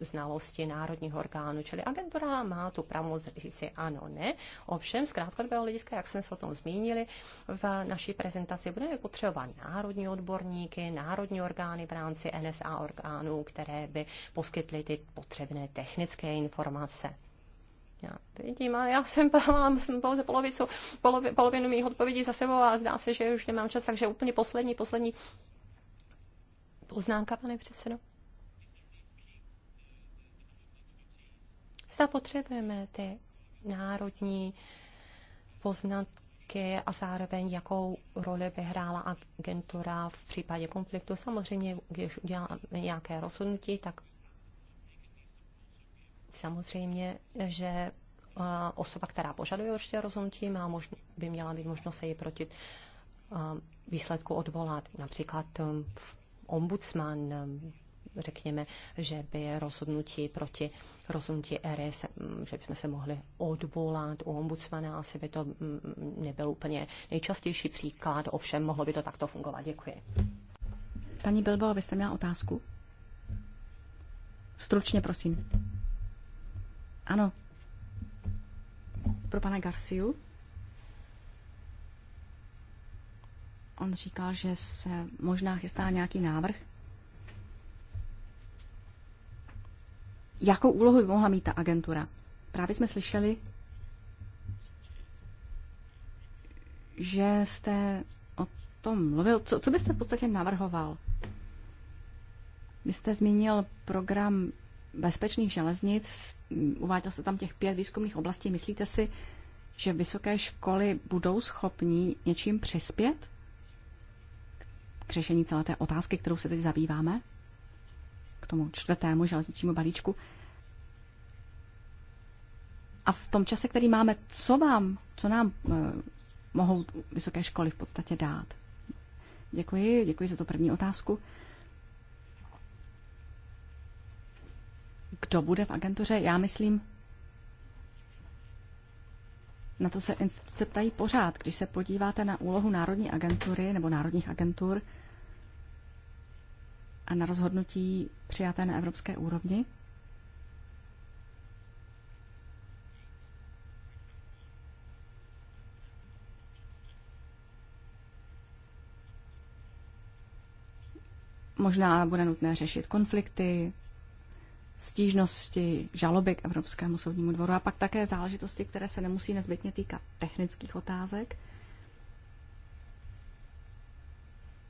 znalosti národních orgánů, čili agentura má tu pravomoc říci ano, ne. Ovšem, z krátkodobého hlediska, jak jsme se o tom zmínili v naší prezentaci, budeme potřebovat národní odborníky, národní orgány v rámci NSA orgánů, které by poskytly ty potřebné technické informace. Já vidím, ale já jsem *laughs* mám pouze polovicu, polovi, polovinu mých odpovědí za sebou a zdá se, že už nemám čas, takže úplně poslední, poslední poznámka, pane předsedo. Zda potřebujeme ty národní poznatky a zároveň jakou roli by hrála agentura v případě konfliktu. Samozřejmě, když uděláme nějaké rozhodnutí, tak samozřejmě, že osoba, která požaduje určitě rozhodnutí, má možno, by měla být možnost se ji proti výsledku odvolat. Například um, ombudsman, um, řekněme, že by rozhodnutí proti rozhodnutí ERY, že bychom se mohli odvolat u ombudsmana, asi by to nebyl úplně nejčastější příklad, ovšem mohlo by to takto fungovat. Děkuji. Paní Bilbo, vy jste měla otázku? Stručně, prosím. Ano. Pro pana Garciu. On říkal, že se možná chystá nějaký návrh. Jakou úlohu by mohla mít ta agentura? Právě jsme slyšeli, že jste o tom mluvil. Co, co byste v podstatě navrhoval? Vy jste zmínil program bezpečných železnic, mm, uváděl se tam těch pět výzkumných oblastí, myslíte si, že vysoké školy budou schopní něčím přispět k řešení celé té otázky, kterou se teď zabýváme? K tomu čtvrtému železničnímu balíčku. A v tom čase, který máme, co vám, co nám e, mohou vysoké školy v podstatě dát? Děkuji, děkuji za tu první otázku. kdo bude v agentuře, já myslím, na to se instituce ptají pořád. Když se podíváte na úlohu Národní agentury nebo národních agentur a na rozhodnutí přijaté na evropské úrovni, Možná bude nutné řešit konflikty, stížnosti, žaloby k Evropskému soudnímu dvoru a pak také záležitosti, které se nemusí nezbytně týkat technických otázek,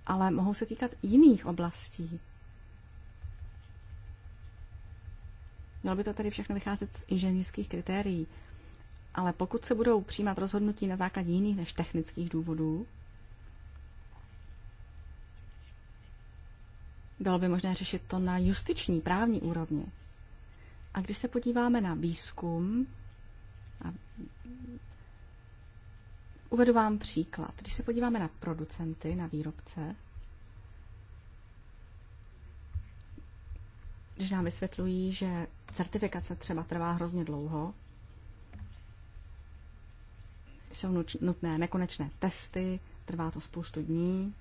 ale mohou se týkat jiných oblastí. Mělo by to tady všechno vycházet z inženýrských kritérií, ale pokud se budou přijímat rozhodnutí na základě jiných než technických důvodů, bylo by možné řešit to na justiční právní úrovni. A když se podíváme na výzkum, a uvedu vám příklad. Když se podíváme na producenty, na výrobce, když nám vysvětlují, že certifikace třeba trvá hrozně dlouho, jsou nutné nekonečné testy, trvá to spoustu dní,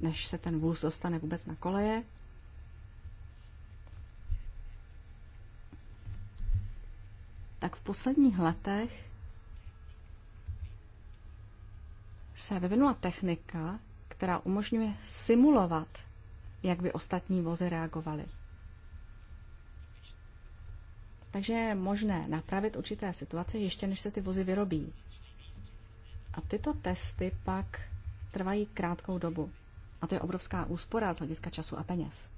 než se ten vůz dostane vůbec na koleje, tak v posledních letech se vyvinula technika, která umožňuje simulovat, jak by ostatní vozy reagovaly. Takže je možné napravit určité situace, ještě než se ty vozy vyrobí. A tyto testy pak trvají krátkou dobu. A to je obrovská úspora z hlediska času a peněz.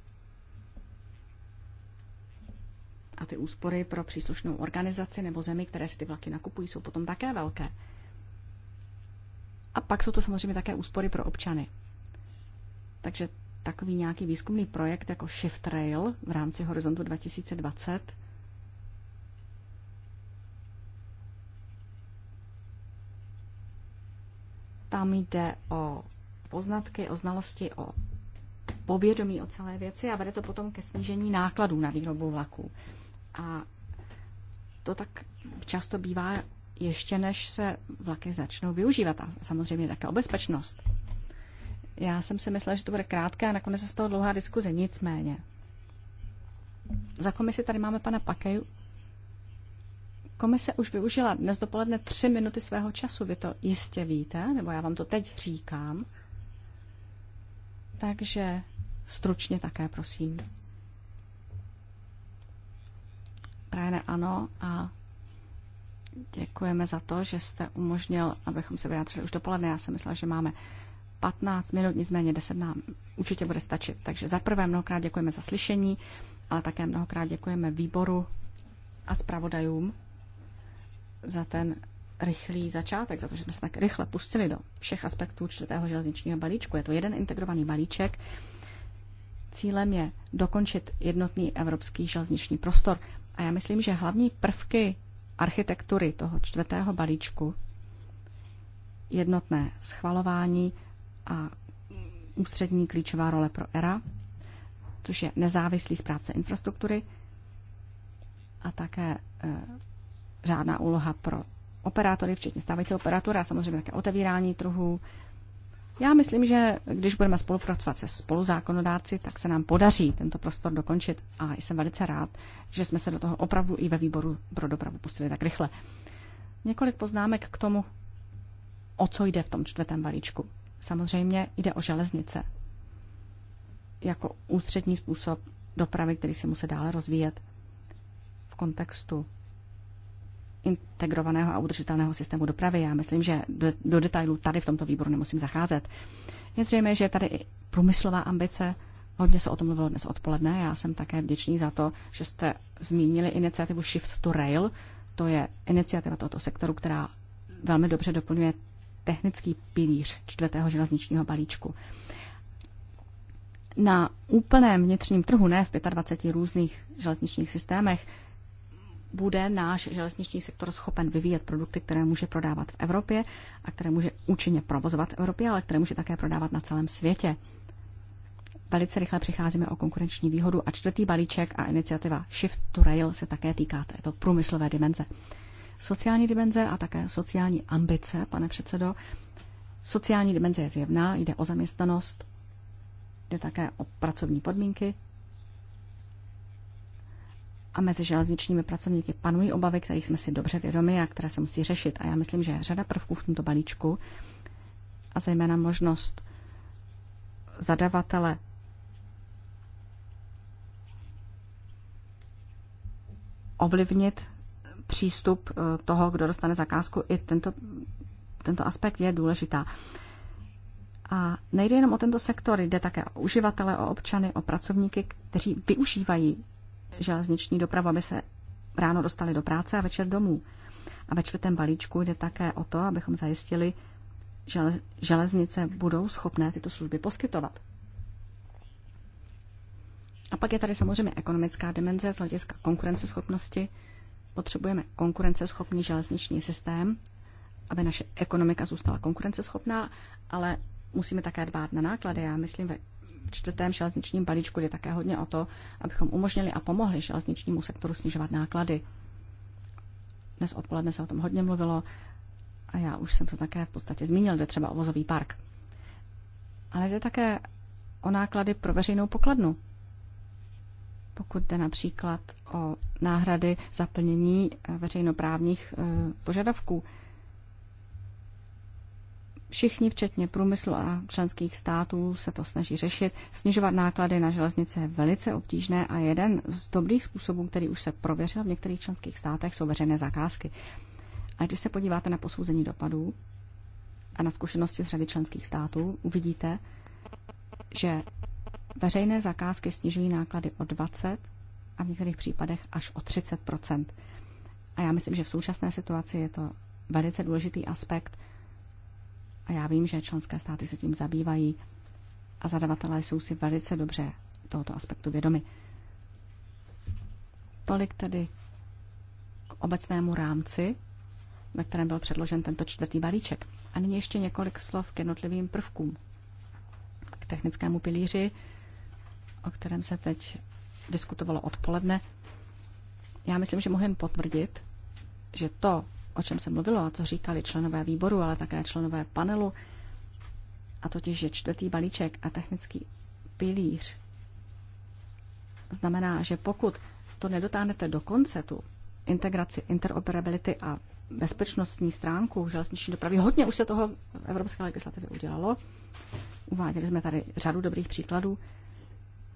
A ty úspory pro příslušnou organizaci nebo zemi, které si ty vlaky nakupují, jsou potom také velké. A pak jsou to samozřejmě také úspory pro občany. Takže takový nějaký výzkumný projekt jako Shift Rail v rámci Horizontu 2020 tam jde o poznatky, o znalosti, o povědomí o celé věci a vede to potom ke snížení nákladů na výrobu vlaků. A to tak často bývá ještě než se vlaky začnou využívat a samozřejmě také o bezpečnost. Já jsem si myslela, že to bude krátké a nakonec se z toho dlouhá diskuze, nicméně. Za komisi tady máme pana Pakeju. Komise už využila dnes dopoledne tři minuty svého času, vy to jistě víte, nebo já vám to teď říkám. Takže stručně také, prosím. Rajne, ano a děkujeme za to, že jste umožnil, abychom se vyjádřili už dopoledne. Já jsem myslela, že máme 15 minut, nicméně 10 nám určitě bude stačit. Takže za prvé mnohokrát děkujeme za slyšení, ale také mnohokrát děkujeme výboru a zpravodajům za ten rychlý začátek, za to, že jsme se tak rychle pustili do všech aspektů čtvrtého železničního balíčku. Je to jeden integrovaný balíček. Cílem je dokončit jednotný evropský železniční prostor. A já myslím, že hlavní prvky architektury toho čtvrtého balíčku, jednotné schvalování a ústřední klíčová role pro ERA, což je nezávislý správce infrastruktury a také e, řádná úloha pro operátory, včetně stávajícího operátora a samozřejmě také otevírání trhu, já myslím, že když budeme spolupracovat se spoluzákonodáci, tak se nám podaří tento prostor dokončit a jsem velice rád, že jsme se do toho opravdu i ve výboru pro dopravu pustili tak rychle. Několik poznámek k tomu, o co jde v tom čtvrtém balíčku. Samozřejmě jde o železnice jako ústřední způsob dopravy, který se musí dále rozvíjet v kontextu integrovaného a udržitelného systému dopravy. Já myslím, že do, do detailů tady v tomto výboru nemusím zacházet. Je zřejmé, že tady i průmyslová ambice, hodně se o tom mluvilo dnes odpoledne, já jsem také vděčný za to, že jste zmínili iniciativu Shift to Rail, to je iniciativa tohoto sektoru, která velmi dobře doplňuje technický pilíř čtvrtého železničního balíčku. Na úplném vnitřním trhu, ne v 25 různých železničních systémech, bude náš železniční sektor schopen vyvíjet produkty, které může prodávat v Evropě a které může účinně provozovat v Evropě, ale které může také prodávat na celém světě. Velice rychle přicházíme o konkurenční výhodu a čtvrtý balíček a iniciativa Shift to Rail se také týká této průmyslové dimenze. Sociální dimenze a také sociální ambice, pane předsedo. Sociální dimenze je zjevná, jde o zaměstnanost, jde také o pracovní podmínky, a mezi železničními pracovníky panují obavy, kterých jsme si dobře vědomi a které se musí řešit. A já myslím, že řada prvků v tomto balíčku a zejména možnost zadavatele ovlivnit přístup eh, toho, kdo dostane zakázku, i tento, tento aspekt je důležitá. A nejde jenom o tento sektor, jde také o uživatele, o občany, o pracovníky, kteří využívají železniční doprava aby se ráno dostali do práce a večer domů. A ve čtvrtém balíčku jde také o to, abychom zajistili, že železnice budou schopné tyto služby poskytovat. A pak je tady samozřejmě ekonomická dimenze z hlediska konkurenceschopnosti. Potřebujeme konkurenceschopný železniční systém, aby naše ekonomika zůstala konkurenceschopná, ale musíme také dbát na náklady. Já myslím, čtvrtém železničním balíčku jde také hodně o to, abychom umožnili a pomohli železničnímu sektoru snižovat náklady. Dnes odpoledne se o tom hodně mluvilo a já už jsem to také v podstatě zmínil, jde třeba o vozový park. Ale jde také o náklady pro veřejnou pokladnu. Pokud jde například o náhrady zaplnění eh, veřejnoprávních eh, požadavků, Všichni, včetně průmyslu a členských států, se to snaží řešit. Snižovat náklady na železnice je velice obtížné a jeden z dobrých způsobů, který už se prověřil v některých členských státech, jsou veřejné zakázky. A když se podíváte na posouzení dopadů a na zkušenosti z řady členských států, uvidíte, že veřejné zakázky snižují náklady o 20 a v některých případech až o 30 A já myslím, že v současné situaci je to velice důležitý aspekt, a já vím, že členské státy se tím zabývají a zadavatelé jsou si velice dobře tohoto aspektu vědomi. Tolik tedy k obecnému rámci, ve kterém byl předložen tento čtvrtý balíček. A nyní ještě několik slov k jednotlivým prvkům. K technickému pilíři, o kterém se teď diskutovalo odpoledne. Já myslím, že mohu jen potvrdit, že to, o čem se mluvilo a co říkali členové výboru, ale také členové panelu, a totiž, že čtvrtý balíček a technický pilíř znamená, že pokud to nedotáhnete do konce, tu integraci, interoperability a bezpečnostní stránku železniční dopravy, hodně už se toho v evropské legislativě udělalo. Uváděli jsme tady řadu dobrých příkladů,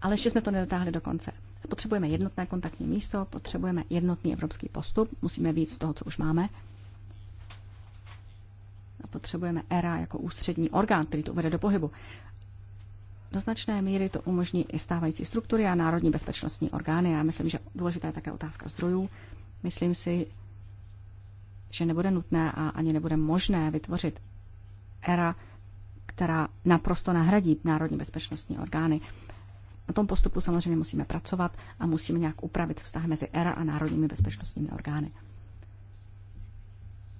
ale ještě jsme to nedotáhli do konce. Potřebujeme jednotné kontaktní místo, potřebujeme jednotný evropský postup, musíme víc z toho, co už máme. A potřebujeme ERA jako ústřední orgán, který to uvede do pohybu. Do značné míry to umožní i stávající struktury a národní bezpečnostní orgány. Já myslím, že důležitá je také otázka zdrojů. Myslím si, že nebude nutné a ani nebude možné vytvořit ERA, která naprosto nahradí národní bezpečnostní orgány. Na tom postupu samozřejmě musíme pracovat a musíme nějak upravit vztah mezi ERA a národními bezpečnostními orgány.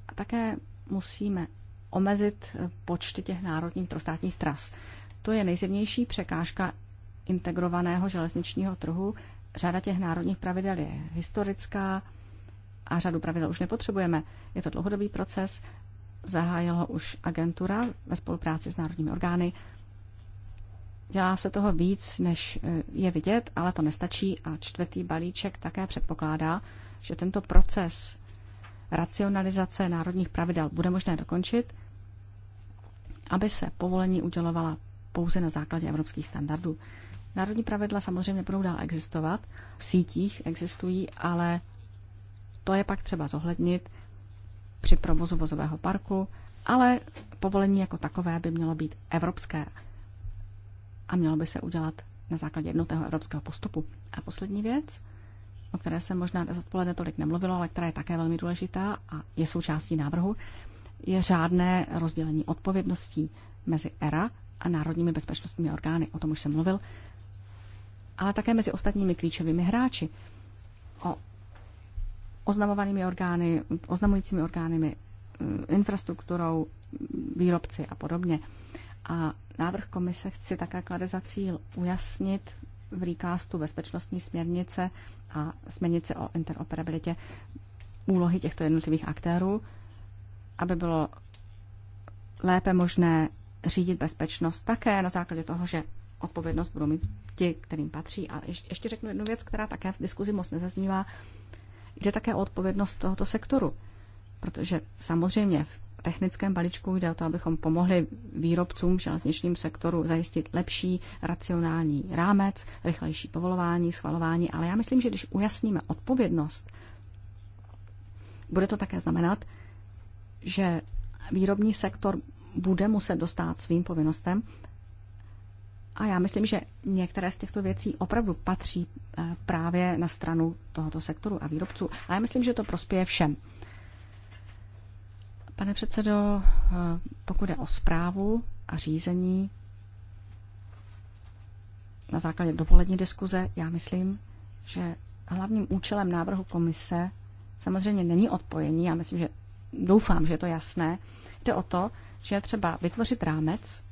A také musíme omezit eh, počty těch národních trostátních tras. To je nejzjevnější překážka integrovaného železničního trhu. Řada těch národních pravidel je historická a řadu pravidel už nepotřebujeme. Je to dlouhodobý proces, zahájila ho už agentura ve spolupráci s národními orgány Dělá se toho víc, než eh, je vidět, ale to nestačí a čtvrtý balíček také předpokládá, že tento proces racionalizace národních pravidel bude možné dokončit, aby se povolení udělovala pouze na základě evropských standardů. Národní pravidla samozřejmě budou dál existovat, v sítích existují, ale to je pak třeba zohlednit při provozu vozového parku, ale povolení jako takové by mělo být evropské a mělo by se udělat na základě jednotného evropského postupu. A poslední věc, o které se možná dnes odpoledne tolik nemluvilo, ale která je také velmi důležitá a je součástí návrhu, je řádné rozdělení odpovědností mezi ERA a národními bezpečnostními orgány. O tom už jsem mluvil. Ale také mezi ostatními klíčovými hráči. O oznamovanými orgány, oznamujícími orgány, infrastrukturou, výrobci a podobně. A Návrh komise chci také klade za cíl ujasnit v rýkástu bezpečnostní směrnice a směrnice o interoperabilitě úlohy těchto jednotlivých aktérů, aby bylo lépe možné řídit bezpečnost také na základě toho, že odpovědnost budou mít ti, kterým patří. A ještě řeknu jednu věc, která také v diskuzi moc nezaznívá. Jde také o odpovědnost tohoto sektoru, protože samozřejmě v technickém balíčku jde o to, abychom pomohli výrobcům v železničním sektoru zajistit lepší racionální rámec, rychlejší povolování, schvalování, ale já myslím, že když ujasníme odpovědnost, bude to také znamenat, že výrobní sektor bude muset dostat svým povinnostem. A já myslím, že některé z těchto věcí opravdu patří eh, právě na stranu tohoto sektoru a výrobců. A já myslím, že to prospěje všem. Pane předsedo, eh, pokud je o zprávu a řízení, na základě dopolední diskuze, já myslím, že hlavním účelem návrhu komise samozřejmě není odpojení, já myslím, že doufám, že je to jasné, jde o to, že je třeba vytvořit rámec,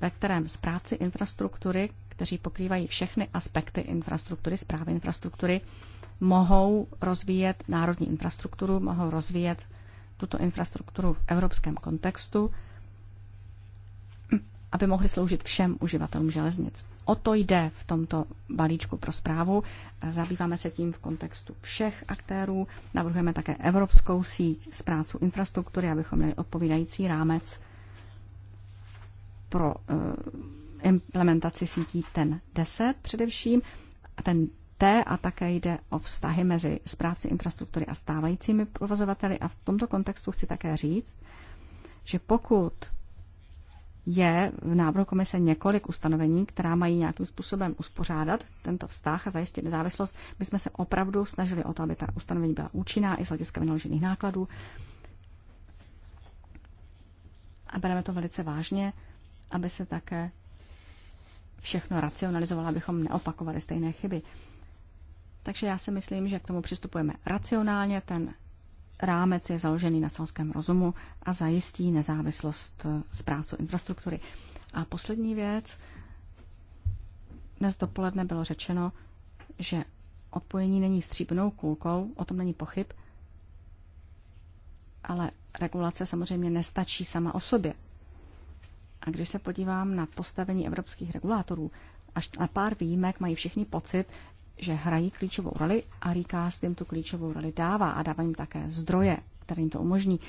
ve kterém správci infrastruktury, kteří pokrývají všechny aspekty infrastruktury, zprávy infrastruktury, mohou rozvíjet národní infrastrukturu, mohou rozvíjet tuto infrastrukturu v evropském kontextu, aby mohly sloužit všem uživatelům železnic. O to jde v tomto balíčku pro zprávu. Zabýváme se tím v kontextu všech aktérů. Navrhujeme také evropskou síť zprávců infrastruktury, abychom měli odpovídající rámec pro eh, implementaci sítí ten 10 především. A ten té a také jde o vztahy mezi správci infrastruktury a stávajícími provozovateli. A v tomto kontextu chci také říct, že pokud je v návrhu komise několik ustanovení, která mají nějakým způsobem uspořádat tento vztah a zajistit nezávislost. My jsme se opravdu snažili o to, aby ta ustanovení byla účinná i z hlediska vynaložených nákladů. A bereme to velice vážně, aby se také všechno racionalizovalo, abychom neopakovali stejné chyby. Takže já si myslím, že k tomu přistupujeme racionálně. Ten rámec je založený na selském rozumu a zajistí nezávislost zprávců eh, infrastruktury. A poslední věc. Dnes dopoledne bylo řečeno, že odpojení není stříbnou kulkou, o tom není pochyb, ale regulace samozřejmě nestačí sama o sobě. A když se podívám na postavení evropských regulátorů, až na pár výjimek mají všichni pocit, že hrají klíčovou roli a říká, s jim tu klíčovou roli dává a dává jim také zdroje, které jim to umožní.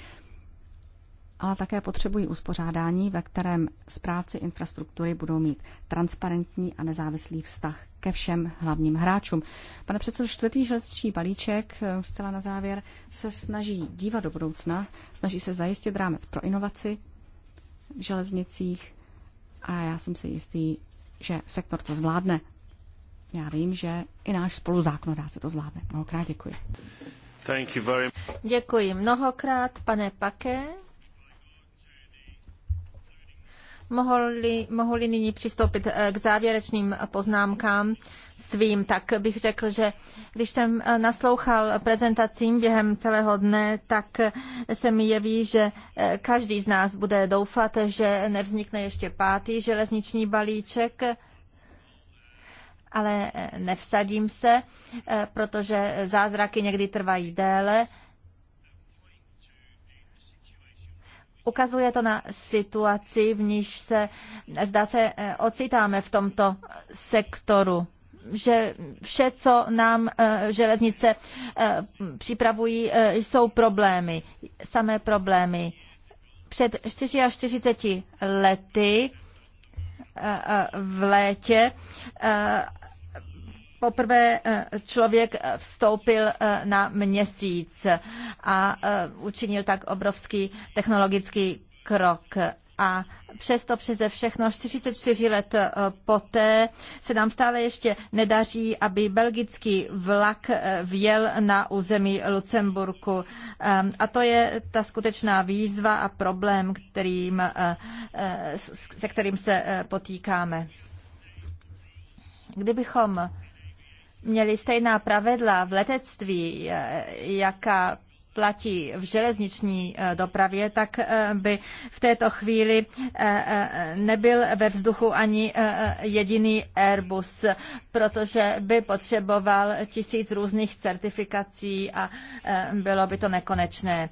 Ale také potřebují uspořádání, ve kterém správci infrastruktury budou mít transparentní a nezávislý vztah ke všem hlavním hráčům. Pane předsedo, čtvrtý železniční balíček, eh, zcela na závěr, se snaží dívat do budoucna, snaží se zajistit rámec pro inovaci v železnicích a já jsem si jistý, že sektor to zvládne. Já vím, že i náš spoluzákonodáce to zvládne. Mnohokrát děkuji. Thank you very... Děkuji mnohokrát, pane Pake. Mohli, mohli nyní přistoupit eh, k závěrečným poznámkám svým, tak bych řekl, že když jsem eh, naslouchal prezentacím během celého dne, tak eh, se mi jeví, že každý z nás bude doufat, že nevznikne ještě pátý železniční balíček, ale eh, nevsadím se, eh, protože zázraky někdy trvají déle. Ukazuje to na situaci, v níž se, zdá se, eh, ocitáme v tomto sektoru že vše, co nám železnice připravují, jsou problémy, samé problémy. Před 44 lety v létě poprvé eh, člověk eh, vstoupil eh, na měsíc a učinil tak obrovský technologický krok. A přesto přeze všechno 44 let poté se nám stále ještě nedaří, aby belgický vlak vjel na území Lucemburku. A to je ta skutečná výzva a problém, kterým, se kterým se potýkáme. Kdybychom měli stejná pravidla v letectví, eh, jaká platí v železniční eh, dopravě, tak eh, by v této chvíli eh, nebyl ve vzduchu ani jediný Airbus, protože by potřeboval tisíc různých certifikací a bylo by to nekonečné.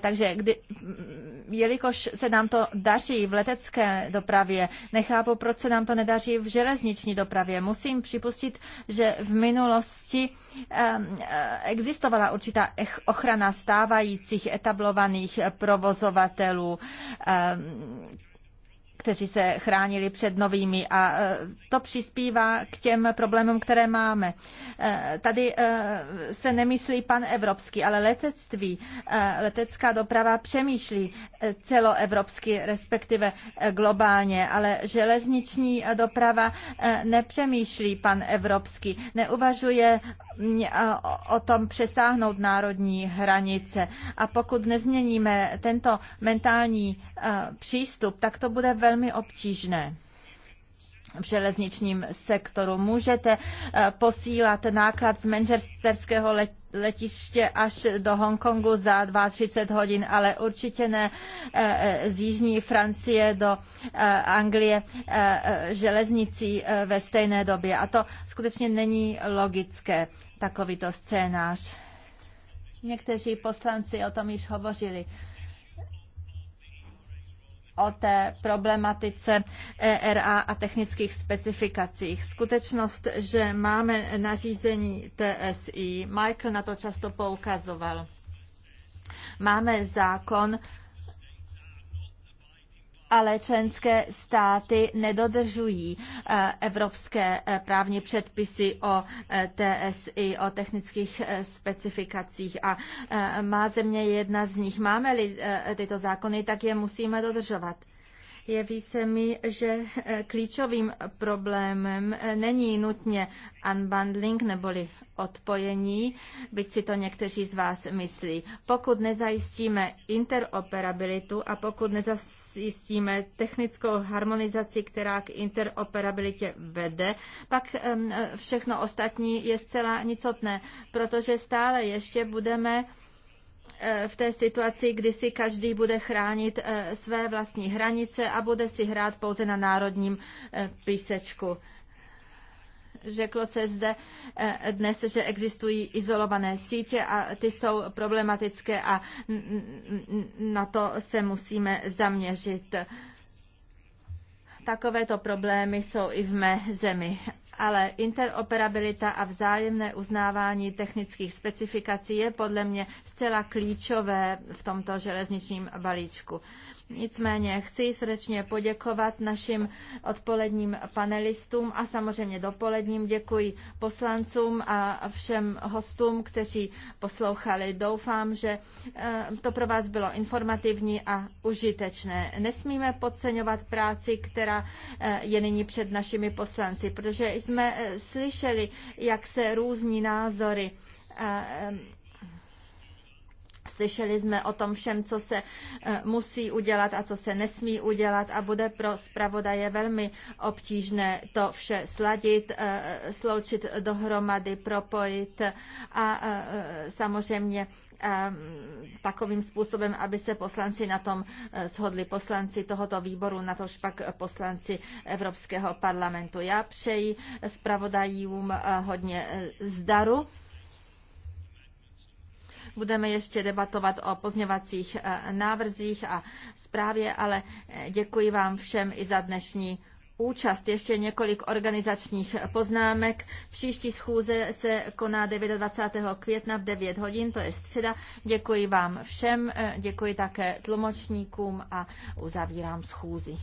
Takže kdy, mm, jelikož se nám to daří v letecké dopravě, nechápu, proč se nám to nedaří v železniční dopravě. Musím připustit, že v minulosti existovala určitá ochrana stávajících etablovaných provozovatelů, ehm, kteří se chránili před novými a e, to přispívá k těm problémům, které máme. E, tady e, se nemyslí pan evropský, ale letectví, letecká doprava přemýšlí celoevropsky, respektive globálně, ale železniční doprava nepřemýšlí pan evropský, neuvažuje o tom přesáhnout národní hranice. A pokud nezměníme tento mentální přístup, tak to bude velmi obtížné v železničním sektoru. Můžete posílat náklad z manchesterského letiště letiště až do Hongkongu za 32 hodin, ale určitě ne eh, eh, z Jižní Francie do eh, Anglie železnicí ve stejné době. A to skutečně není logické, takovýto scénář. Někteří poslanci o tom již hovořili o té problematice ERA a technických specifikacích. Skutečnost, že máme nařízení TSI, Michael na to často poukazoval. Máme zákon ale členské státy nedodržují eh, evropské eh, právní předpisy o eh, TSI, o technických specifikacích a má země jedna z nich. Máme-li tyto zákony, tak je musíme dodržovat. Jeví se mi, že klíčovým problémem není nutně unbundling neboli odpojení, byť si to někteří z vás myslí. Pokud nezajistíme interoperabilitu a pokud nezas zjistíme technickou harmonizaci, která k interoperabilitě vede, pak všechno ostatní je zcela nicotné, protože stále ještě budeme eh, v té situaci, kdy si každý bude chránit eh, své vlastní hranice a bude si hrát pouze na národním eh, písečku. Řeklo se zde eh, dnes, že existují izolované sítě a ty jsou problematické a na to se musíme zaměřit. Takovéto problémy jsou i v mé zemi. Ale interoperabilita a vzájemné uznávání technických specifikací je podle mě zcela klíčové v tomto železničním balíčku. Nicméně chci srdečně poděkovat našim odpoledním panelistům a samozřejmě dopoledním děkuji poslancům a všem hostům, kteří poslouchali. Doufám, že eh, to pro vás bylo informativní a užitečné. Nesmíme podceňovat práci, která eh, je nyní před našimi poslanci, protože jsme eh, slyšeli, jak se různí názory Slyšeli jsme o tom všem, co se eh, musí udělat a co se nesmí udělat a bude pro zpravodaje velmi obtížné to vše sladit, eh, sloučit dohromady, propojit a eh, samozřejmě takovým způsobem, aby se poslanci na tom shodli, poslanci tohoto výboru, na tož pak poslanci Evropského parlamentu. Já přeji zpravodajům hodně zdaru Budeme ještě debatovat o pozněvacích eh, návrzích a zprávě, ale eh, děkuji vám všem i za dnešní účast. Ještě několik organizačních poznámek. Příští schůze se koná 29. května v 9 hodin, to je středa. Děkuji vám všem, eh, děkuji také tlumočníkům a uzavírám schůzi.